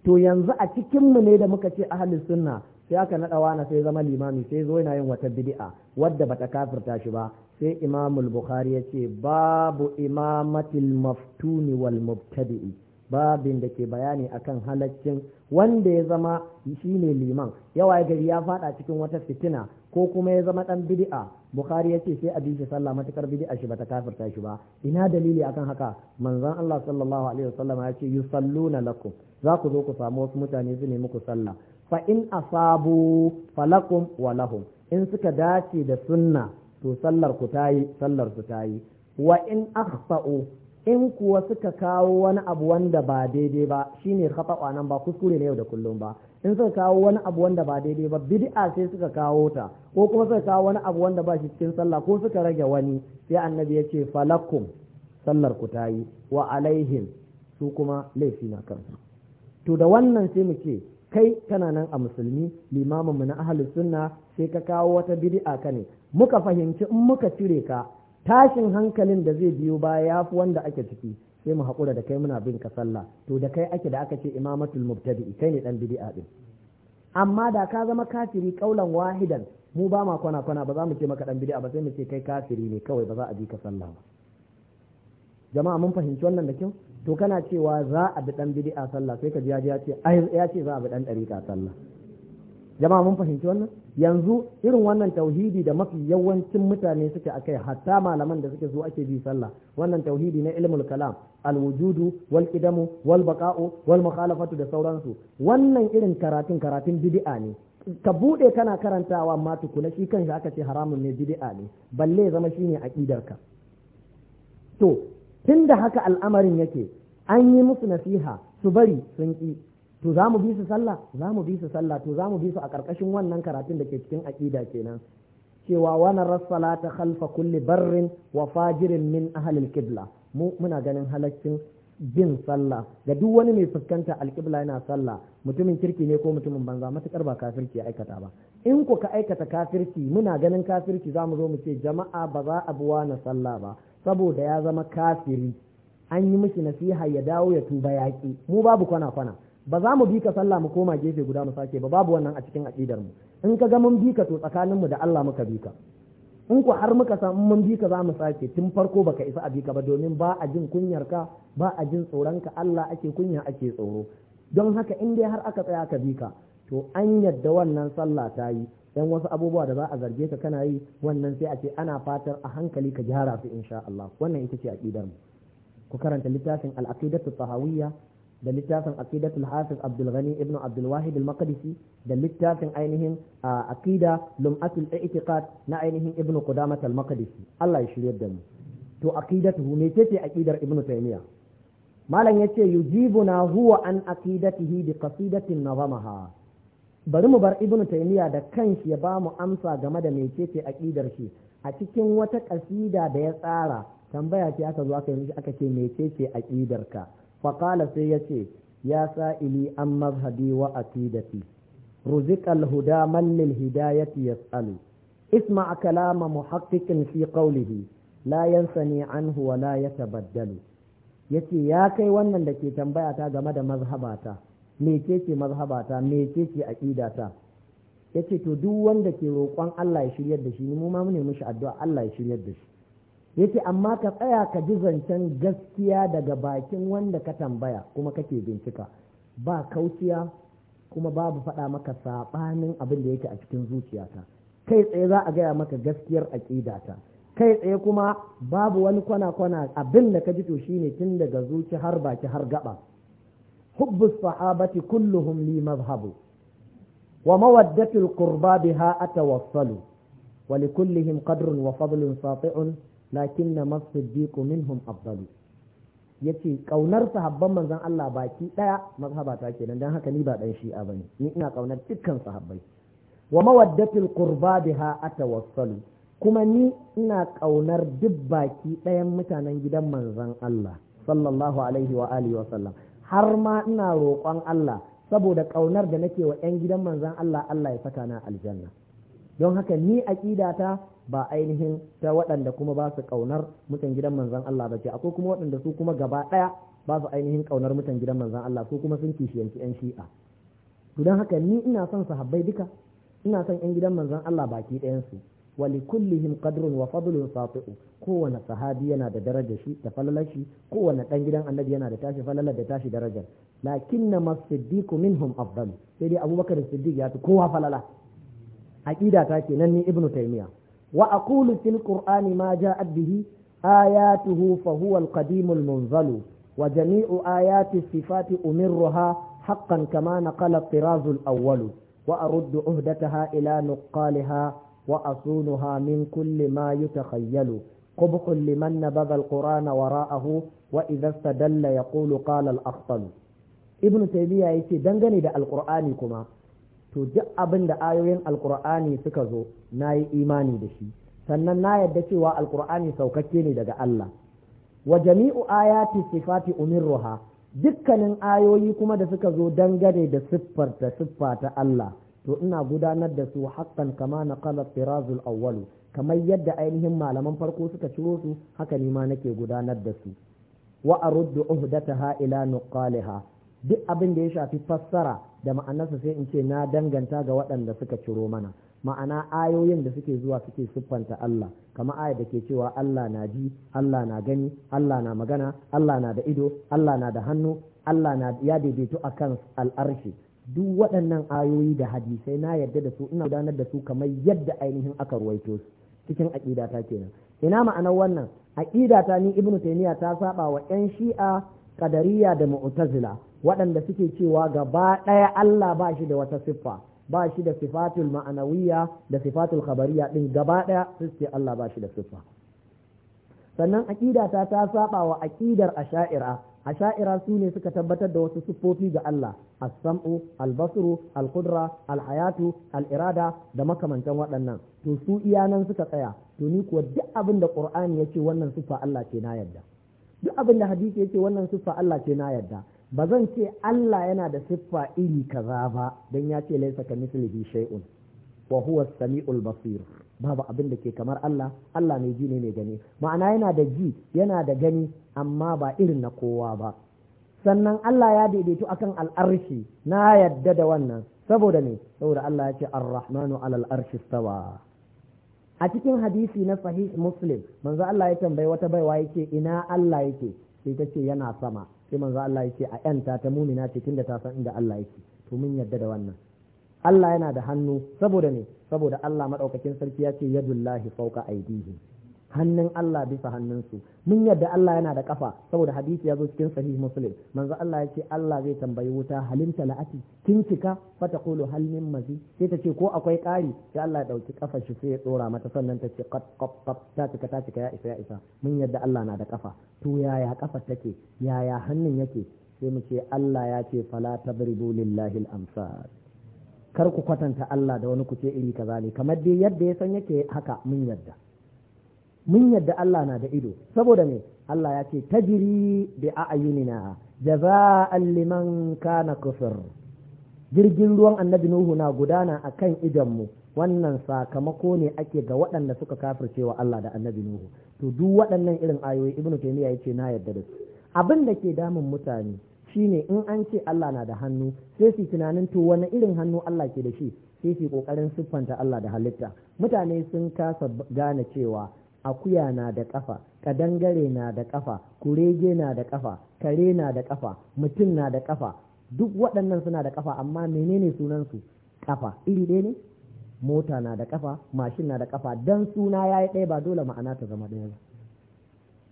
to yanzu a cikinmu ne da muka ce ahalin sunna sai aka naɗa wani sai zama limami sai zo yana yin wata bid'a wadda bata kafirta shi ba sai imamul bukhari ya ce babu imamatil maftuni wal mubtadi'i babin da ke bayani akan halaccin wanda ya zama shine liman yawa gari ya fada cikin wata fitina ko kuma ya zama dan bid'a bukhari yace sai a bishi sallah matakar bid'a shi ta kafirta shi ba ina dalili akan haka manzon Allah sallallahu alaihi wasallam ya ce yusalluna lakum za ku zo ku samu wasu mutane su ne muku sallah fa in asabu falakum wa lahum in suka dace da sunna to sallar ku tayi sallar su tayi wa in akhsa'u in kuwa suka kawo wani abu wanda ba daidai ba shine khata'a nan ba kuskure ne yau da kullum ba in suka kawo wani abu wanda ba daidai ba bid'a sai suka kawo ta ko kuma suka kawo wani abu wanda ba shi cikin sallah ko suka rage wani sai annabi ya ce falakum sallar ku tayi wa alaihim su kuma laifi na kansu to da wannan sai mu ce kai kana nan a musulmi limamin mu na ahlus sunna sai ka kawo wata bid'a ka ne muka fahimci in muka cire ka tashin hankalin da zai biyo baya yafi wanda ake ciki sai mu haƙura da kai muna bin ka sallah to da kai ake da aka ce imamatul mubtadi kai ne dan bid'a din amma da ka zama kafiri kaulan wahidan mu ba ma kwana kwana ba za mu ce maka dan bid'a ba sai mu ce kai kafiri ne kawai ba za a bi ka sallah ba jama'a mun fahimci wannan da kyau to kana cewa za a bi dan bid'a sallah sai ka ji ya ce ya ce za a bi dan dariƙa sallah jama'a mun fahimci wannan yanzu irin wannan tauhidi da mafi yawancin mutane suke akai hatta malaman da suke zo ake bi sallah wannan tauhidi na ilmul kalam alwujudu wal qidamu wal baqa'u wal mukhalafatu da sauransu wannan irin karatun karatun bid'a ne ka buɗe kana karantawa ma tukuna shi kanshi aka ce haramun ne bid'a ne balle zama shine aqidarka to tunda haka al'amarin yake an yi musu nasiha su bari sun ƙi, to za mu bi su sallah za mu bi su sallah to za mu bi su a ƙarƙashin wannan karatun da ke cikin aƙida kenan cewa wani rassala ta khalfa kulle barrin wafa fajirin min ahalil kibla mu muna ganin halaccin bin sallah ga duk wani mai fuskanta alƙibla yana sallah mutumin kirki ne ko mutumin banza matuƙar ba kafirki ya aikata ba in ku ka aikata kafirki, muna ganin kafirki, za mu zo mu ce jama'a ba za a buwa na sallah ba saboda ya zama kafiri an yi mishi nasiha ya dawo ya tuba yaƙi mu babu kwana kwana ba za mu bi ka sallah mu koma gefe guda mu sake ba babu wannan a cikin aƙidar mu in ka ga mun bi ka to tsakanin mu da Allah muka bi ka in ku har muka samu mun bi ka za mu sake tun farko baka isa a bi ka ba domin ba a jin kunyar ka ba a jin tsoron ka Allah ake kunya ake tsoro don haka in dai har aka tsaya ka bi ka to an yadda wannan sallah ta yi dan wasu abubuwa da za a zarge ka kana yi wannan sai a ce ana fatar a hankali ka gyara su insha Allah wannan ita ce aqidar mu ku karanta littafin al-aqidatu tahawiyya da littafin aqidatul hafiz abdul ghani ibn abdul wahid al maqdisi da littafin ainihin aqida lum'atul i'tiqad na ainihin ibnu qudamah al maqdisi Allah ya shiryar da mu to aqidatuhu mecece aqidar ibn taymiya malam yace yujibuna huwa an aqidatihi bi qasidatin nazamaha bari mu bar ibn taymiya da kanshi ya bamu amsa game da mecece aqidar shi a cikin wata kasida da ya tsara tambaya ce aka zo aka yi aka ce mecece aqidarka faƙala sai ya ce ya sa'ili an mazhabi wa aqidati ruzik alhuda man lil hidayati yas'alu isma kalama muhaqqiqin fi qawlihi la yansani anhu wa la ya yace ya kai wannan da ke tambaya ta game da mazhabata mece ce mazhabata mece ce Ya yace to duk wanda ke roƙon Allah ya shiryar da shi mu ma mu ne mishi addu'a Allah ya shiryar da shi yace amma ka tsaya ka ji zancen gaskiya daga bakin wanda ka tambaya kuma kake bincika ba kauciya kuma babu faɗa maka saɓanin abin da yake a cikin zuciyata kai tsaye za a gaya maka gaskiyar aƙidata kai tsaye kuma babu wani kwana-kwana abin da ka ji to shine tun daga zuci har baki har gaba hubbu sahabati kulluhum li mazhabu wa mawaddatul qurba biha atawassalu wa likullihim qadrun wa fadlun sati'un lakin na masiddiqu minhum Ya yace ƙaunar sahabban manzon Allah baki ɗaya mazhaba ta kenan dan haka ni ba dan shi'a ne. ni ina kaunar dukkan sahabbai wa mawaddatul qurba biha atawassalu kuma ni ina ƙaunar duk baki ɗayan mutanen gidan manzan Allah sallallahu alaihi wa alihi wa sallam har ma ina roƙon Allah saboda ƙaunar da nake wa 'yan gidan manzon Allah Allah ya saka na aljanna don haka ni aƙidata ba ainihin ta waɗanda kuma ba su ƙaunar mutan gidan manzan Allah ba ce akwai kuma waɗanda su kuma gaba ɗaya ba su ainihin ƙaunar mutan gidan manzan Allah su kuma sun kishiyanci 'yan shi'a to don haka ni ina son su sahabbai duka ina son 'yan gidan manzan Allah baki ɗayansu wa kullihim qadrun wa fadlun safi'u kowane sahabi yana da darajar shi da falalar shi kowane ɗan gidan annabi yana da tashi falalar da tashi darajar lakinna masiddiqu hum afdal sai dai abubakar siddiq ya fi kowa falala aqida ta ke nan ni ibnu taymiya وأقول في القرآن ما جاءت به آياته فهو القديم المنزل وجميع آيات الصفات أمرها حقا كما نقل الطراز الأول وأرد عهدتها إلى نقالها وأصونها من كل ما يتخيل قبح لمن نبذ القرآن وراءه وإذا استدل يقول قال الأخطل ابن تيمية يتي دنغني القرآن كما to duk abin da ayoyin alkur'ani suka zo na yi imani da shi sannan na yadda cewa alkur'ani saukakke ne daga Allah wa jami'u ayati sifati umirruha dukkanin ayoyi kuma da suka zo dangane da siffar da siffa ta Allah to ina gudanar da su haqqan kama naqala firazul awwalu kamar yadda ainihin malaman farko suka ciro su haka ne ma nake gudanar da su wa aruddu uhdataha ila nuqaliha duk abin da ya shafi fassara da ma'anarsa sai in ce na danganta ga waɗanda suka ciro mana ma'ana ayoyin da suke zuwa suke siffanta Allah kama ayar da ke cewa Allah na ji Allah na gani Allah na magana Allah na da ido Allah na da hannu Allah na ya daidaito a kan al'arshi duk waɗannan ayoyi da hadisai na yadda da su ina gudanar da su kamar yadda ainihin aka ruwaito su cikin aƙidata kenan ina ma'anar wannan aƙidata ni ibnu taymiya ta saba wa 'yan shi'a qadariyya da mu'tazila waɗanda suke cewa gaba ɗaya Allah ba shi da wata siffa ba shi da sifatul ma'anawiyya da sifatul khabariya din gaba ɗaya suke Allah ba shi da siffa sannan aƙida ta ta saba wa aƙidar asha'ira asha'ira su ne suka tabbatar da wasu siffofi ga Allah as-sam'u al-basru al-qudra al-hayatu al-irada da makamantan waɗannan to su iyanan suka tsaya to ni kuwa duk abin da qur'ani yace wannan siffa Allah ce na yarda duk abin da hadisi yace wannan siffa Allah ce na yarda ba zan ce Allah yana da siffa iri kaza ba don ya ce laisa ka mislihi shay'un wa huwa samiul basir babu abin da ke kamar Allah Allah mai ji ne mai gani ma'ana yana da ji yana da gani amma ba irin na kowa ba sannan Allah ya daidaitu akan al'arshi na yadda da wannan saboda ne saboda Allah ya ce ar-rahmanu alal arshi stawa a cikin hadisi na sahih muslim manzo Allah ya tambayi wata baiwa yake ina Allah yake sai ta ce yana sama sai manzo Allah yake a yanta ta mumina ce tunda ta san inda Allah yake to mun yarda da wannan Allah yana da hannu saboda ne saboda Allah madaukakin sarki ya ce yadullahi fawqa aidihi hannun Allah bisa hannunsu mun yadda Allah yana da kafa saboda hadisi ya zo cikin sahih muslim manzo Allah ya ce Allah zai tambayi wuta halimta la'ati kin cika fa taqulu hal min mazi sai ta ce ko akwai ƙari sai Allah ya dauki kafar shi sai ya dora mata sannan ta ce qat qat qat ta cika ta cika ya isa ya isa mun yadda Allah na da kafa to yaya kafar take yaya hannun yake sai mu ce Allah ya ce fala tabribu lillahi al-amsal kar ku kwatanta Allah da wani ku ce iri kaza ne kamar dai yadda ya san yake haka mun yadda mun yadda Allah na da ido saboda me Allah ya ce tajiri bi a'yunina jaza'an liman kana kufur jirgin ruwan annabi nuhu na gudana akan idan mu wannan sakamako ne ake ga waɗanda suka kafircewa Allah da annabi nuhu to duk waɗannan irin ayoyi ibnu taymiya yace na yadda da su abin da ke damun mutane shine in an ce Allah na da hannu sai su tunanin to wani irin hannu Allah ke da shi sai su kokarin siffanta Allah da halitta mutane sun kasa gane cewa akuya na da ƙafa, ƙadangare na da ƙafa, kurege na da kafa kare na da kafa mutum na da kafa duk waɗannan suna da kafa amma menene sunansu kafa iri ɗaya ne mota na da kafa mashin na da kafa dan suna ya yi ɗaya ba dole ma'ana ta zama ɗaya ba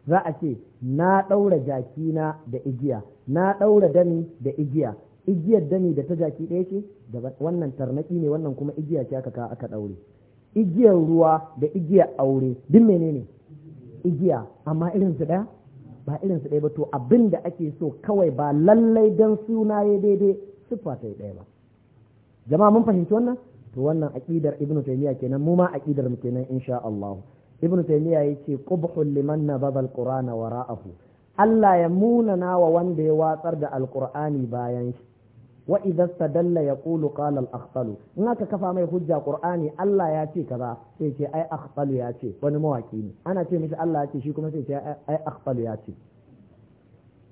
za a ce na ɗaura jaki na da igiya na ɗaura dani da igiya igiyar dani da ta jaki ɗaya ce wannan tarnaki ne wannan kuma igiya ce aka aka ɗaure igiyar ruwa da igiyar aure duk menene igiya amma irin su ɗaya ba irin su ɗaya ba to abin da ake so kawai ba lallai don suna ya daidai siffa ta ɗaya ba jama'a mun fahimci wannan to wannan aqidar ibnu taymiya kenan mu ma aqidar mu kenan insha Allah ibnu taymiya yace qubhul liman nabada alqur'ana wara'ahu Allah ya munana wa wanda ya watsar da alqur'ani bayan shi wa idza sadalla yaqulu qala al akhtalu in aka kafa mai hujja qur'ani Allah ya ce kaza sai ce ai akhtalu ya ce wani mawaki ne ana ce mishi Allah ya ce shi kuma sai ce ai akhtalu ya ce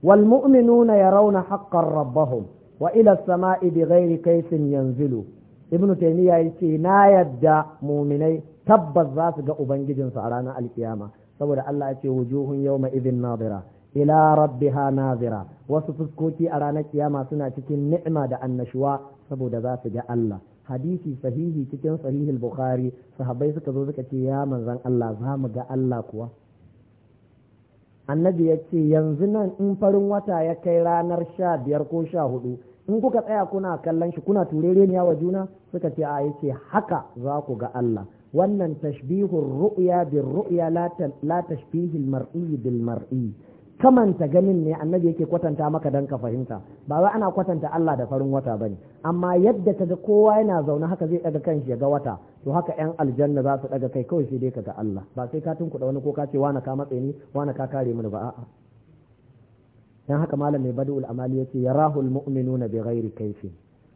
wal mu'minuna yarawna haqqan rabbahum wa ila as-sama'i bighairi kayfin yanzilu ibnu taymiya yace na yadda mu'minai tabbas za su ga ubangijinsu a ranar alkiyama saboda Allah ya ce wujuhun yawma idhin nadira ila rabbiha nazira wasu fuskoki a ranar kiyama suna cikin ni'ima da annashuwa saboda za su ga Allah hadisi sahihi cikin sahihil bukhari sahabbai suka zo suka ce ya manzon Allah za mu ga Allah kuwa annabi ya ce yanzu nan in farin wata ya kai ranar sha biyar ko sha hudu in kuka tsaya kuna kallon shi kuna turereniya ne wa juna suka ce a yace haka za ku ga Allah wannan tashbihur ru'ya bir ru'ya la tashbihil mar'i bil mar'i kamanta ganin ne annabi yake kwatanta maka dan ka fahimta ba wai ana kwatanta Allah da farin wata bane amma yadda kaga kowa yana zaune haka zai daga kanshi ya ga wata to haka yan aljanna za su daga kai kawai sai dai kaga Allah ba sai ka tunkuɗa wani ko ka ce wani ka matse ni wani ka kare mini ba a'a dan haka malam mai badul amali yace yarahul mu'minuna bi ghairi kayfin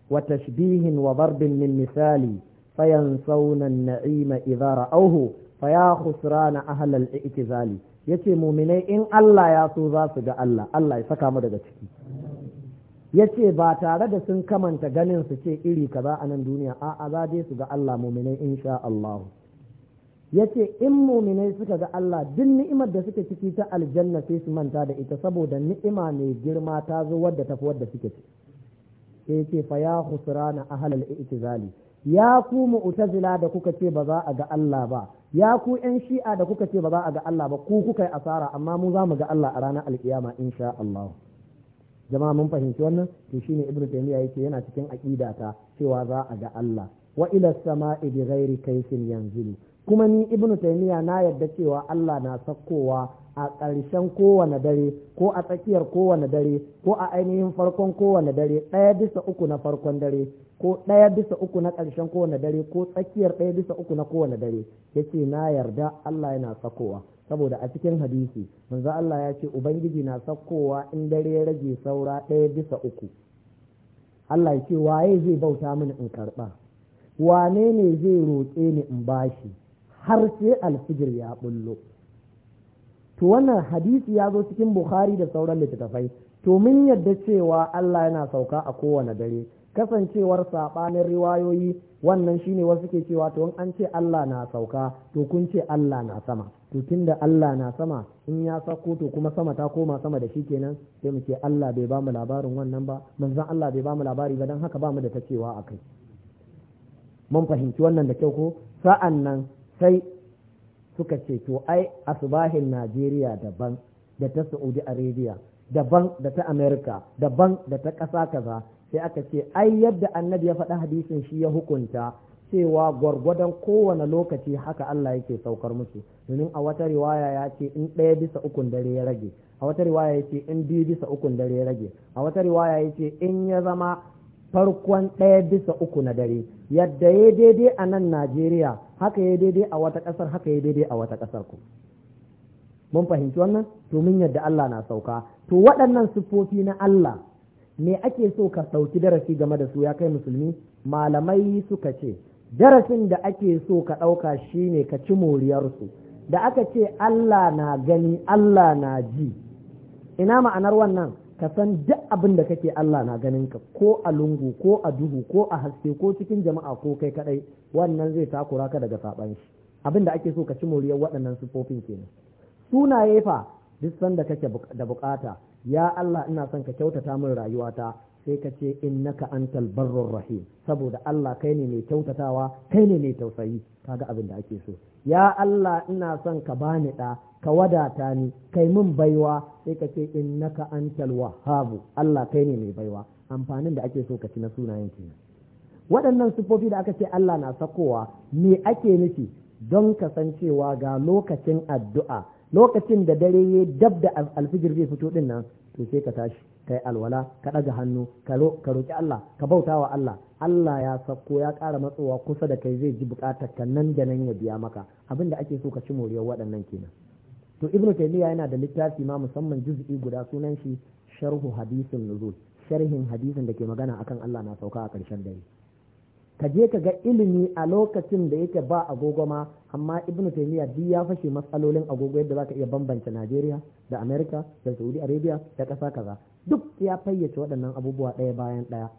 wa tashbihin wa darbin min misali fayansawna an-na'ima idha ra'awhu faya khusrana ahlal i'tizali yace muminai in Allah ya so za su ga Allah Allah ya saka mu daga ciki yace ba tare da sun kamanta ganin su ce iri kaza a nan duniya a'a za dai su ga Allah muminai sha Allah yace in muminai suka ga Allah duk ni'imar da suke ciki ta aljanna sai su manta da ita saboda ni'ima mai girma ta zo wadda tafi wadda suke ciki sai ce fa ya khusrana ahlal i'tizali ya ku mu'tazila da kuka ce ba za a ga Allah ba ya ku yan shi'a da kuka ce ba za a ga Allah ba ku kuka yi asara amma mu za mu ga Allah a ranar alƙiyama insha Allah jama'a mun fahimci wannan to shine ibnu taymiya yake yana cikin aƙida ta cewa za a ga Allah wa ila sama'i bi ghairi yanzu yanzilu kuma ni ibnu taymiya na yarda cewa Allah na sakkowa a ƙarshen kowane dare ko a tsakiyar kowane dare ko a ainihin farkon kowane dare ɗaya bisa uku na farkon dare ko ɗaya bisa uku na ƙarshen kowane dare ko tsakiyar ɗaya bisa uku na kowane dare Ya ce na yarda Allah yana sakowa saboda a cikin hadisi manzo Allah ya ce ubangiji na sakowa in dare ya rage saura ɗaya bisa uku Allah ya ce waye zai bauta mini in karɓa wane ne zai roƙe ni in bashi har sai alfijir ya bullo to wannan hadisi ya zo cikin bukhari da sauran littattafai to mun yadda cewa Allah yana sauka a kowane dare kasancewar saɓanin riwayoyi wannan shine wasu ke cewa to in an ce Allah na sauka to kun ce Allah na sama to tunda Allah na sama in ya sako to kuma sama ta koma sama da shi kenan sai mu ce Allah bai bamu labarin wannan ba manzon Allah bai bamu labari ba dan haka bamu da ta cewa akai mun fahimci wannan da kyau ko sa'an nan sai suka ce to ai asubahin najeriya daban da ta saudi arabia daban da ta Amurka, daban da ta ƙasa kaza sai aka ce ai yadda annabi ya faɗa hadisin shi ya hukunta cewa gwargwadon kowane lokaci haka Allah yake saukar musu domin a wata riwaya ya ce in ɗaya bisa ukun dare ya rage a wata riwaya ya ce in biyu bisa ukun dare ya rage a wata riwaya ya ce in ya zama farkon ɗaya bisa uku na dare yadda ya daidai a nan najeriya haka ya daidai a wata ƙasar haka ya daidai a wata ƙasar ku mun fahimci wannan To min yadda Allah na sauka to waɗannan siffofi na Allah me ake so ka ɗauki darasi game da su ya kai musulmi malamai suka ce darasin da ake so ka ɗauka shi ne ka ci moriyarsu da aka ce Allah na gani Allah na ji ina ma'anar wannan ka san duk abin da kake Allah na ganin ka ko a lungu ko a duhu ko a haske ko cikin jama'a ko kai kadai wannan zai takura ka daga saban shi abin da ake so ka ci moriyar waɗannan sufofin kenan sunaye fa duk sanda kake da bukata ya Allah ina son ka kyautata min rayuwata sai ka ce innaka antal barrur rahim saboda Allah kai ne mai kyautatawa kai ne mai tausayi kaga abin da ake so ya Allah ina son ka bani da ka wadata ni kai min baiwa sai ka ce innaka antal wahabu Allah kai ne mai baiwa amfanin da ake so ka ci na sunayen kenan waɗannan sifofin da aka ce Allah na sakowa me ake nufi don kasancewa ga lokacin addu'a lokacin da dare ya dab da alfijir zai fito din nan to sai ka tashi kai alwala ka ɗaga hannu ka roki Allah ka bauta wa Allah Allah ya sako ya ƙara matsowa kusa da kai zai ji buƙatar ka nan da nan ya biya maka abin da ake so ka ci moriyar waɗannan kenan to ibnu taymiya yana da littafi ma musamman juz'i guda sunan shi sharhu hadisin nuzul sharhin hadisin da ke magana akan Allah na sauka a ƙarshen dare ka je ka ga ilimi a lokacin da yake ba agogo ma amma ibnu taymiya duk ya fashe matsalolin agogo yadda zaka iya bambance Najeriya da America da Saudi Arabia da ƙasa kaza duk ya fayyace waɗannan abubuwa ɗaya bayan ɗaya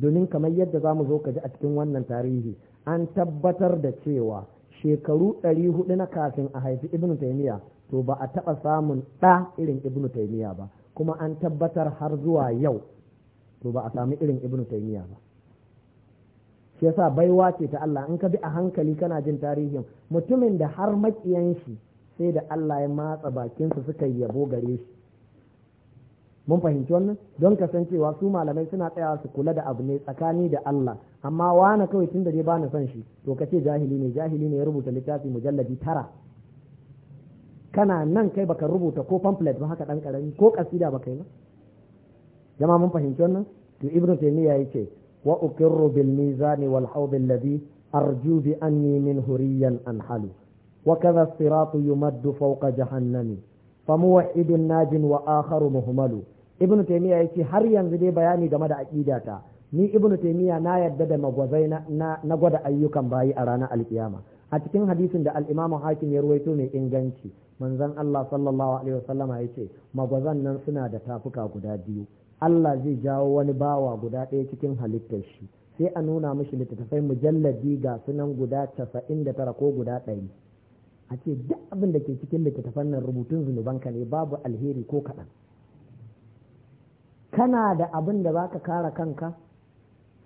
domin kamar yadda za mu zo ka ji a cikin wannan tarihi an tabbatar da cewa shekaru ɗari hudu na kafin a haifi ibnu taymiya to ba a taɓa samun ɗa irin ibnu taymiya ba kuma an tabbatar har zuwa yau to ba a sami irin ibnu taymiya ba shi yasa baiwa ce ta Allah in ka bi a hankali kana jin tarihin mutumin da har makiyan shi sai da Allah ya matsa bakinsa suka yabo gare shi mun fahimci wannan don kasancewa su malamai suna tsayawa su kula da abu ne tsakani da Allah amma wani kawai tun da dai bani son shi to ka ce jahili ne jahili ne ya rubuta littafi mujalladi tara kana nan kai baka rubuta ko pamphlet ba haka dan karami ko kasida baka yi ba jama'a mun fahimci wannan to ibnu taymiya yake وأقر بالميزان والحوض الذي أرجو بأني منه ريا أنحل وكذا الصراط يمد فوق جهنم فموحد ناج وآخر مهمل ابن تيمية يتي bayani game بياني جمد أكيداتا ni ibn taymiya na yadda da magwazai na, na gwada ayyukan bayi a ranar alkiyama a cikin hadisin da al-imam hakim ya ruwaito mai inganci manzon Allah sallallahu alaihi wasallama yace magwazan nan suna da tafuka guda biyu Allah zai jawo wani bawa guda ɗaya cikin halittar shi sai a nuna mishi littattafai mujalladi ga sunan guda casa'in da tara ko guda ɗari a ce duk abin da ke cikin littattafan nan rubutun zunubanka ne babu alheri ko kaɗan kana da abin da baka kara kanka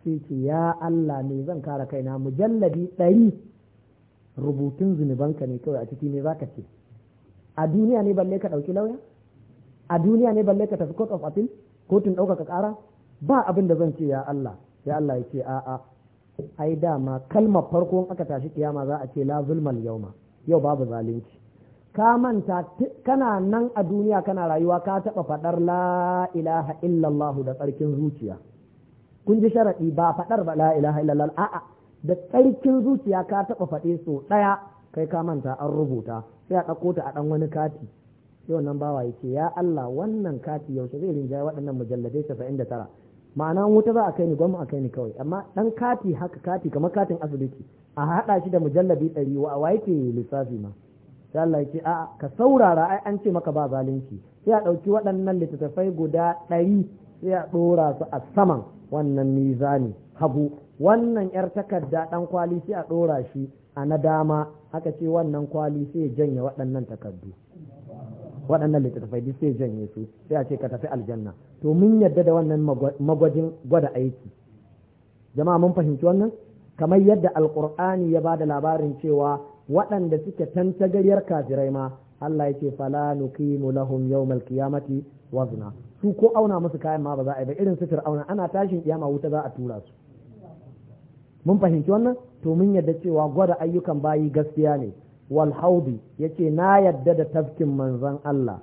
sai ce ya Allah me zan kara kaina mujalladi ɗari rubutun zunubanka ne kawai a ciki me zaka ce a duniya ne balle ka ɗauki lauya a duniya ne balle ka tafi court of appeal kotun ɗaukaka ƙara ba abin da zan ce ya Allah Ya Allah ya ce a'a ai dama kalmar farko in aka tashi kiyama za a ce la zulmal yauma yau babu zalunci ka manta kana nan a duniya kana rayuwa ka taɓa faɗar la ilaha illallah da tsarkin zuciya kun ji sharaɗi ba faɗar ba la ilaha illallah a'a da tsarkin zuciya ka taɓa faɗe so ɗaya kai ka manta an rubuta sai a ɗauko ta a ɗan wani kati yau nan bawa yake ya Allah wannan kati yaushe zai rinja waɗannan mujalladai saba'in da tara ma'ana wuta za a kai ni gwamma a kai ni kawai amma ɗan kati haka kati kamar katin asibiti a haɗa shi da mujallabi ɗari wa wa yake lissafi ma sai Allah yake a ka saurara ai an ce maka ba zalunci sai a ɗauki waɗannan littattafai guda ɗari sai a ɗora su a saman wannan mizani hagu wannan yar takarda ɗan kwali sai a ɗora shi a na dama aka ce wannan kwali sai ya janye waɗannan takardu waɗannan littattafai duk sai janye su sai a ce ka tafi aljanna to mun yadda da wannan magwajin gwada aiki jama'a mun fahimci wannan kamar yadda alqur'ani ya ba da labarin cewa waɗanda suke tantagaryar kafirai ma Allah ya ce fala nuqimu lahum yawmal qiyamati wazna su ko auna musu kayan ma ba za a yi ba irin su fir'auna ana tashin kiyama wuta za a tura su mun fahimci wannan to mun yadda cewa gwada ayyukan bayi gaskiya ne wal haudi yace na yadda da tafkin manzon Allah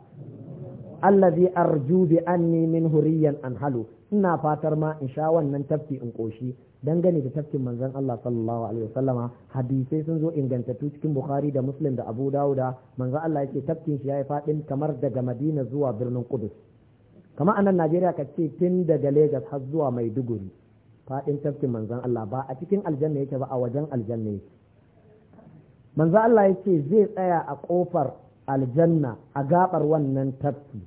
allazi arju bi anni min huriyan an halu ina fatar ma in sha wannan tafki in koshi dangane da tafkin manzon Allah sallallahu alaihi wasallama hadisai sun zo ingantattu cikin Bukhari da Muslim da Abu Dawuda manzon Allah yake tafkin shi yayi fadin kamar daga Madina zuwa birnin kudus kama anan Najeriya ka ce tun daga Lagos har zuwa Maiduguri fadin tafkin manzon Allah ba a cikin aljanna yake ba a wajen aljanna yake manzo Allah ya ce zai tsaya a ƙofar aljanna a gaɓar wannan tafki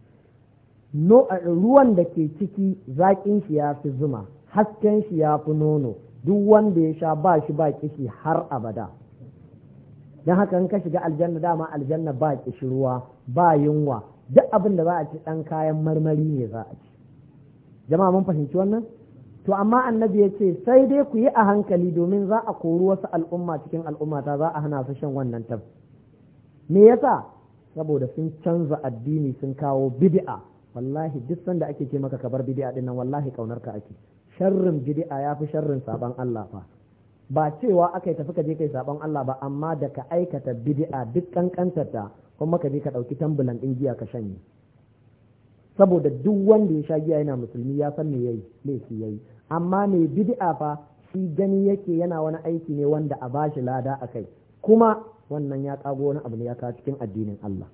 ruwan da ke ciki zaƙin shi ya fi zuma hasken shi ya fi nono duk wanda ya sha ba shi ba kishi har abada don haka in ka shiga aljanna dama aljanna ba kishi ruwa ba yunwa duk abin da za a ci ɗan kayan marmari ne za a ci jama'a mun fahimci wannan to amma annabi ya ce sai dai ku yi a hankali domin za a kori wasu al'umma cikin al'ummata za a hana su shan wannan tab me yasa saboda sun canza addini sun kawo bid'a wallahi duk sanda ake ce maka kabar bid'a dinnan wallahi kaunar ka ake sharrin bid'a ya fi sharrin saban Allah fa ba cewa aka tafi ka je kai saban Allah ba amma da ka aikata bid'a duk ta kuma ka je ka ɗauki tambulan ɗin giya ka shanye saboda duk wanda ya sha giya yana musulmi ya san me yayi laifi yayi amma mai bid'a fa shi gani yake yana wani aiki ne wanda a bashi lada a kai kuma wannan ya kago wani abu ne ya kawo cikin addinin Allah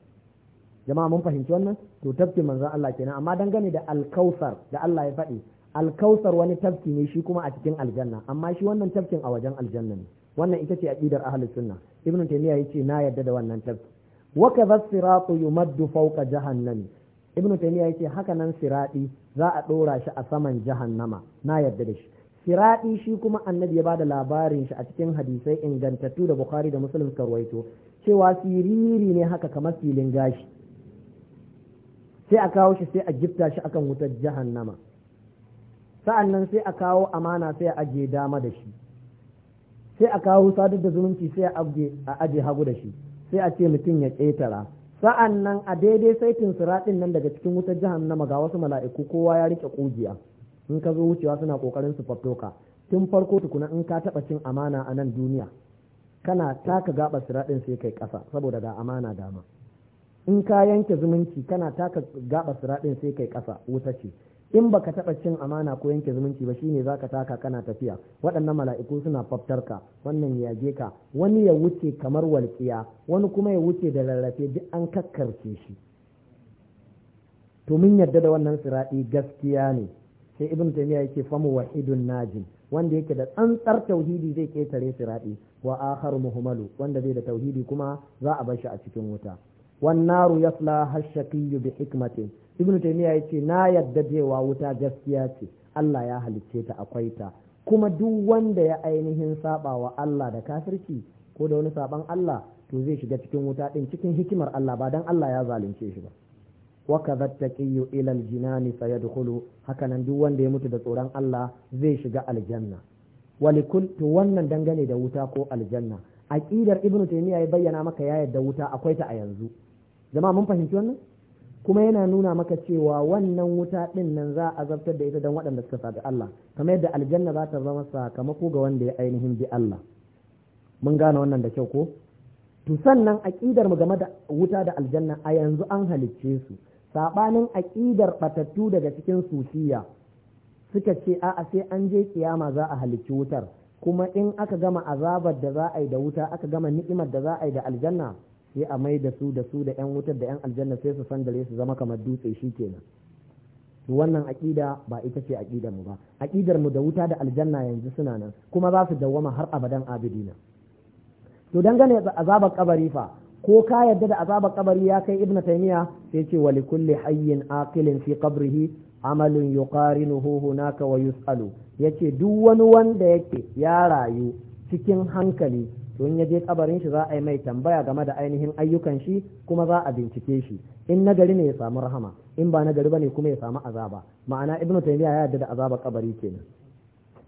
jama'a mun fahimci wannan to tafki manzon Allah kenan amma dangane da alkausar da Allah ya faɗi alkausar wani tafki ne shi kuma a cikin aljanna amma shi wannan tafkin a wajen aljanna ne wannan ita ce aqidar ahlus sunna ibnu taymiya yace na yadda da wannan tafki wa kadha siratu yumaddu fawqa jahannami ibn taymiya yace haka nan siradi za a dora shi a saman jahannama na yadda da shi siradi shi kuma annabi ya bada labarin shi a cikin hadisai ingantattu da bukhari da muslim suka ruwaito cewa siriri ne haka kamar filin gashi sai a kawo shi sai a gifta shi akan wutar jahannama sa'an nan sai a kawo amana sai a aje dama da shi sai a kawo sadar da zumunci sai a aje hagu da shi sai a ce mutum ya ƙetara sa'an nan a daidai saitin siraɗin nan daga cikin wutar jahannama ga wasu mala'iku kowa ya rike ƙugiya in ka zo wucewa suna ƙoƙarin su fafto ka tun farko tukuna in ka taɓa cin amana a nan duniya kana taka gaba siraɗin sai kai ƙasa saboda ga amana dama in ka yanke zumunci kana taka gaba siraɗin sai kai ƙasa wuta ce in baka taɓa cin amana ko yanke zumunci ba shine za ka taka kana tafiya waɗannan mala'iku suna faftar ka wannan ya je ka wani ya wuce kamar walƙiya wani kuma ya wuce da rarrafe duk an kakkarce shi to mun yadda da wannan siraɗi gaskiya ne sai ibn taymiya yake famu wahidun najin wanda yake da tsantsar tauhidi zai ketare siraɗi wa akhar muhmalu wanda zai da tauhidi kuma za a bar shi a cikin wuta wan naru yasla hashaqiyyu bi hikmatin ibnu taymiya ce na yadda cewa wuta gaskiya ce Allah ya halicce ta akwai ta kuma duk wanda ya ainihin saba wa Allah da kafirci ko da wani saban Allah to zai shiga cikin wuta din cikin hikimar Allah ba dan Allah ya zalunce shi ba wa kadha taqiyyu ila aljinani sayadkhulu hakanan duk wanda ya mutu da tsoron Allah zai shiga aljanna walikul to wannan dangane da wuta ko aljanna aqidar ibnu taymiya ya bayyana maka ya yadda wuta akwai ta a yanzu jama'a mun fahimci wannan kuma yana nuna maka cewa wannan wuta ɗin nan za a zartar da ita don waɗanda suka sabi Allah kamar yadda aljanna za ta zama sakamako ga wanda ya ainihin bi Allah mun gane wannan da kyau ko to sannan aƙidar mu game da wuta da aljanna a yanzu an halicce su saɓanin aƙidar batattu daga cikin sufiya suka ce a'a sai an je kiyama za a halicci wutar kuma in aka gama azabar da za a yi da wuta aka gama ni'imar da za a yi da aljanna sai a mai da su da su da yan wutar da yan aljanna sai su san dare su zama kamar dutse shi kenan to wannan aƙida ba ita ce aƙidar mu ba aƙidar mu da wuta da aljanna yanzu suna nan kuma za su dawwama har abadan abidina to dangane da azabar kabari fa ko ka yadda da azabar kabari ya kai ibnu taymiya sai ce wa likulli hayyin aqilin fi qabrihi amalun yuqarinuhu hunaka wa yus'alu yace duk wani wanda yake ya rayu cikin hankali to ya je kabarin shi za a yi mai tambaya game da ainihin ayyukan shi kuma za a bincike shi in nagari ne ya samu rahama in ba nagari ne kuma ya samu azaba ma'ana ibnu taymiya ya yarda da azaba kabari kenan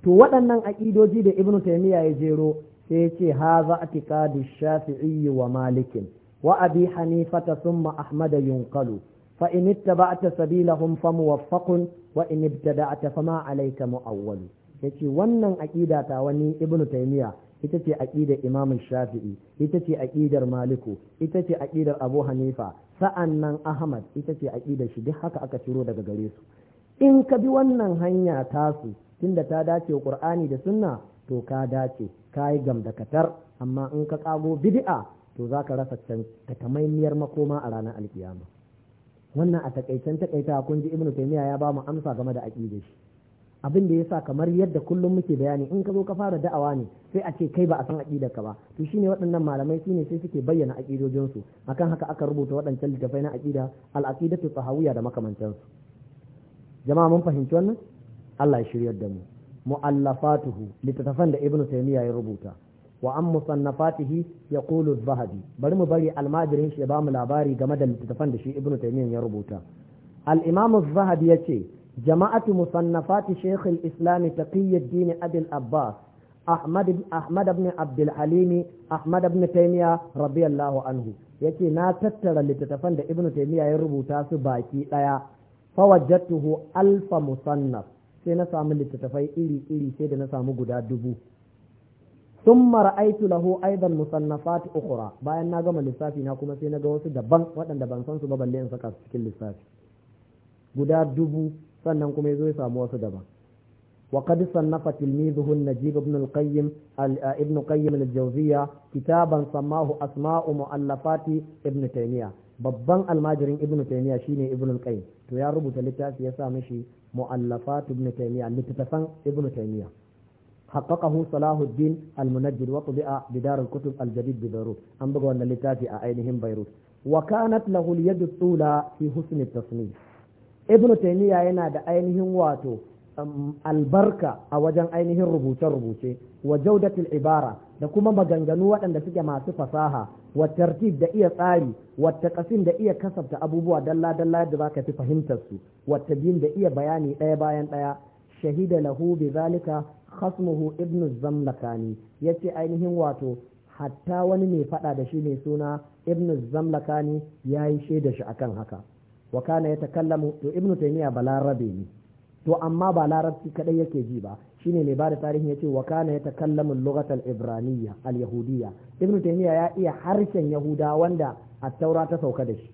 to waɗannan aqidoji da ibnu taymiya ya jero sai ya ce haza atiqadu shafi'i wa malikin wa abi hanifata thumma ahmad yunqalu fa in ittaba'ta sabilahum muwaffaqun wa in ibtada'ta ma alayka mu'awwal yace wannan aqida ta wani ibnu taymiya ita ce aqidar Imam Shafi'i ita ce aqidar Maliku ita ce aqidar Abu Hanifa sa'annan Ahmad ita ce aqidar shi duk haka aka ciro daga gare su in ka bi wannan hanya tasu tunda ta dace Qur'ani da Sunna to ka dace ka yi gamdakatar amma in ka kago bid'a to za ka rasa takamaimiyar makoma a ranar alkiyama wannan a takaicen takaita kun ji ibnu taymiya ya ba mu amsa game da aqidar shi abin da ya sa kamar yadda kullum muke bayani in ka zo ka fara da'awa ne sai a ce kai ba a san aqidar ka ba to shine waɗannan malamai shine sai suke bayyana aqidojin su akan haka aka rubuta waɗancan littafai na aqida al aqidatu tahawiyya da makamantan su jama'a mun fahimci wannan Allah ya shiryar da mu mu'allafatuhu littattafan da ibnu taymiya ya rubuta wa an musannafatihi ya kulu zahabi bari mu bari almajirin shi ya bamu labari game da littattafan da shi ibnu taymiya ya rubuta al-imam zahabi ya ce جماعة مصنفات شيخ الإسلام تقي الدين أبي العباس أحمد أحمد بن عبد الحليم أحمد بن تيمية رضي الله عنه yake na tattara littattafan da ibnu taymiya ya rubuta su baki daya fawajjatuhu alfa musannaf sai na samu littattafai iri iri sai da na samu guda dubu thumma ra'aytu lahu aidan musannafat ukhra bayan na gama lissafi na kuma sai na ga wasu daban waɗanda ban san su ba balle in saka su cikin lissafi guda dubu sannan kuma ya zo ya samu wasu daban وقد صنف تلميذه النجيب بن القيم ابن قيم الجوزية كتابا سماه أسماء مؤلفات ابن تيمية babban almajirin ibnu taymiya shine ibnu qayyim to ya rubuta littafi ya sa mishi mu'allafat ibnu taymiya littafan ibnu taymiya haqqaqahu salahuddin al-munajjid wa tubi'a bi dar kutub al-jadid bi an buga wannan littafi a ainihin beirut wa kanat lahu al-yad tula ibnu taymiya yana da ainihin wato um, albarka a wajen ainihin rubuce-rubuce wa jaudatul ibara da kuma maganganu waɗanda suke masu fasaha wa tartib da iya tsari wa takasin da iya kasafta abubuwa dalla-dalla da zaka fi fahimtar su wa tabyin da iya bayani ɗaya bayan ɗaya shahida lahu bi zalika khasmuhu ibnu zamlakani yace ainihin wato hatta wani mai faɗa da shi mai suna ibnu zamlakani yayi shaida shi akan haka wa kana yatakallamu to ibnu taymiya balarabe ne to amma ba larabci kadai yake ji ba shine mai bada tarihin yace wa kana yatakallamu lughat al-ibraniyya al-yahudiyya ibnu taymiya ya iya harshen yahuda wanda at-taura ta sauka da shi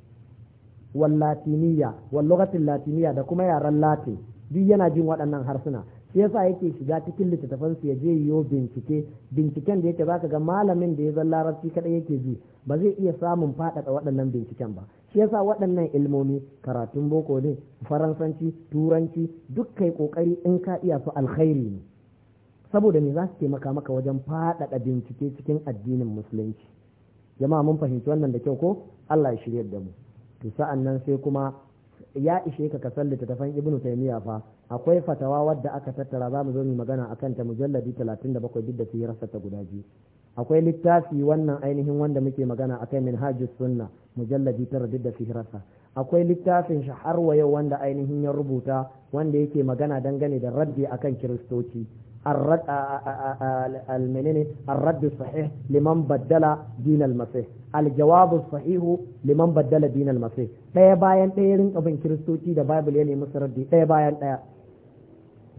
wal latiniyya wal lughat al-latiniyya da kuma yaran latin duk yana jin waɗannan harsuna shi yasa yake shiga cikin littattafan su ya je yiwo bincike binciken da yake zaka ga malamin da ya zan larabci kaɗai yake ji ba zai iya samun faɗaɗa waɗannan binciken ba shi yasa waɗannan ilmomi karatun boko ne faransanci turanci duk kai kokari in ka iya su alkhairi ne saboda me za su taimaka maka wajen faɗaɗa bincike cikin addinin musulunci jama'a mun fahimci wannan da kyau ko Allah ya shiryar da mu to sa'an nan sai kuma ya ishe ka ka san littattafan ibnu taymiya fa akwai fatawa wadda aka tattara za mu zo mu magana akan ta mujalladi 37 duk da sirarsa ta guda biyu akwai littafi wannan ainihin wanda muke magana akan minhajus sunna mujalladi tara duk da sirarsa akwai littafin shaharwa wa yau wanda ainihin ya rubuta wanda yake magana dangane da raddi akan kiristoci المنين الرد الصحيح baddala بدل دين المسيح الجواب الصحيح لمن بدل دين المسيح ɗaya bayan ɗaya rinka bin kiristoci da bible ya nemi sarari ɗaya bayan ɗaya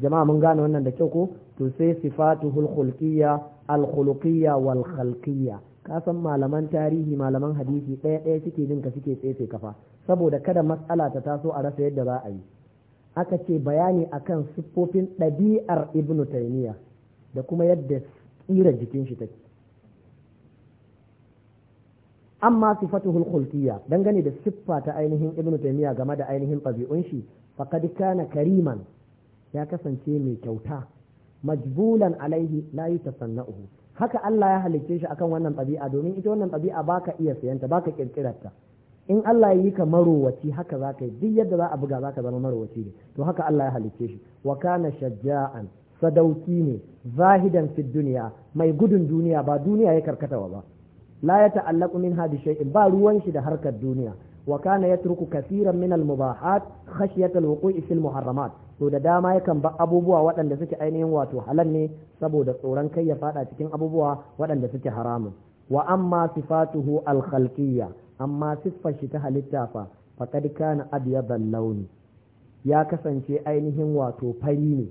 jama'a mun gane wannan da kyau ko to sifatu sifatuhul khulqiyya al khuluqiyya wal khalqiyya ka malaman tarihi malaman hadisi ɗaya ɗaya suke jin ka suke tsefe kafa saboda kada matsala ta so a rasa yadda za a yi aka ce bayani akan siffofin ɗabi'ar ibnu taymiya da kuma yadda tsira jikin shi take amma sifatuhul khulqiyya dangane da siffa ta ainihin ibnu taymiya game da ainihin ɗabi'un shi faqad kana kariman ya kasance mai kyauta majbulan alaihi na la yutasanna'uhu haka Allah ya halicce shi akan wannan ɗabi'a domin ita wannan ɗabi'a baka iya sayanta baka ƙirƙirarta. in Allah ya yi ka marowaci haka za ka yi duk yadda za a buga za ka zama marowaci ne to haka Allah ya halicce shi wa kana shajja'an sadauki ne zahidan fi duniya mai gudun duniya ba duniya ya karkatawa ba la ya ta'allaqu min hadi shay'in ba ruwan shi da harkar duniya wa kana yatruku kaseeran min al-mubahat khashyata al-wuqu'i fil muharramat to da dama yakan ba abubuwa waɗanda suke ainihin wato halal ne saboda tsoron kai ya fada cikin abubuwa waɗanda suke haramun wa amma sifatuhu al-khalqiyya amma siffar shi ta halitta fa faqad kana abyadan launi ya kasance ainihin wato fari ne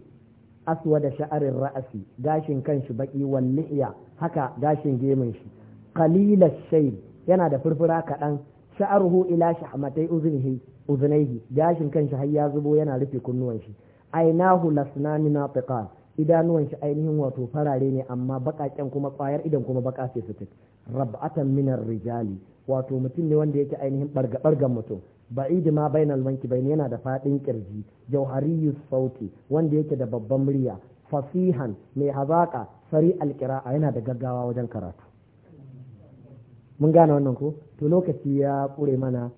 da sha'arin ra'asi gashin kanshi baki walliya haka gashin gemin shi qalila shayl yana da furfura kaɗan sha'aruhu ila shahmatai uzunihi uzunaihi gashin kanshi har ya zubo yana rufe kunnuwan shi ainahu lasnani natiqan idanuwan shi ainihin wato farare ne amma baƙaƙen kuma ƙwayar idan kuma baƙa ce fitin rab'atan minar rijali wato mutum ne wanda yake ainihin ɓarga-ɓargan mutum ba'idi ma bainal manki bain yana da faɗin kirji Jauhari sauti wanda yake da babban murya fasihan mai hazaƙa sari alƙira'a yana da gaggawa wajen karatu mun gane wannan ko to lokaci ya kure mana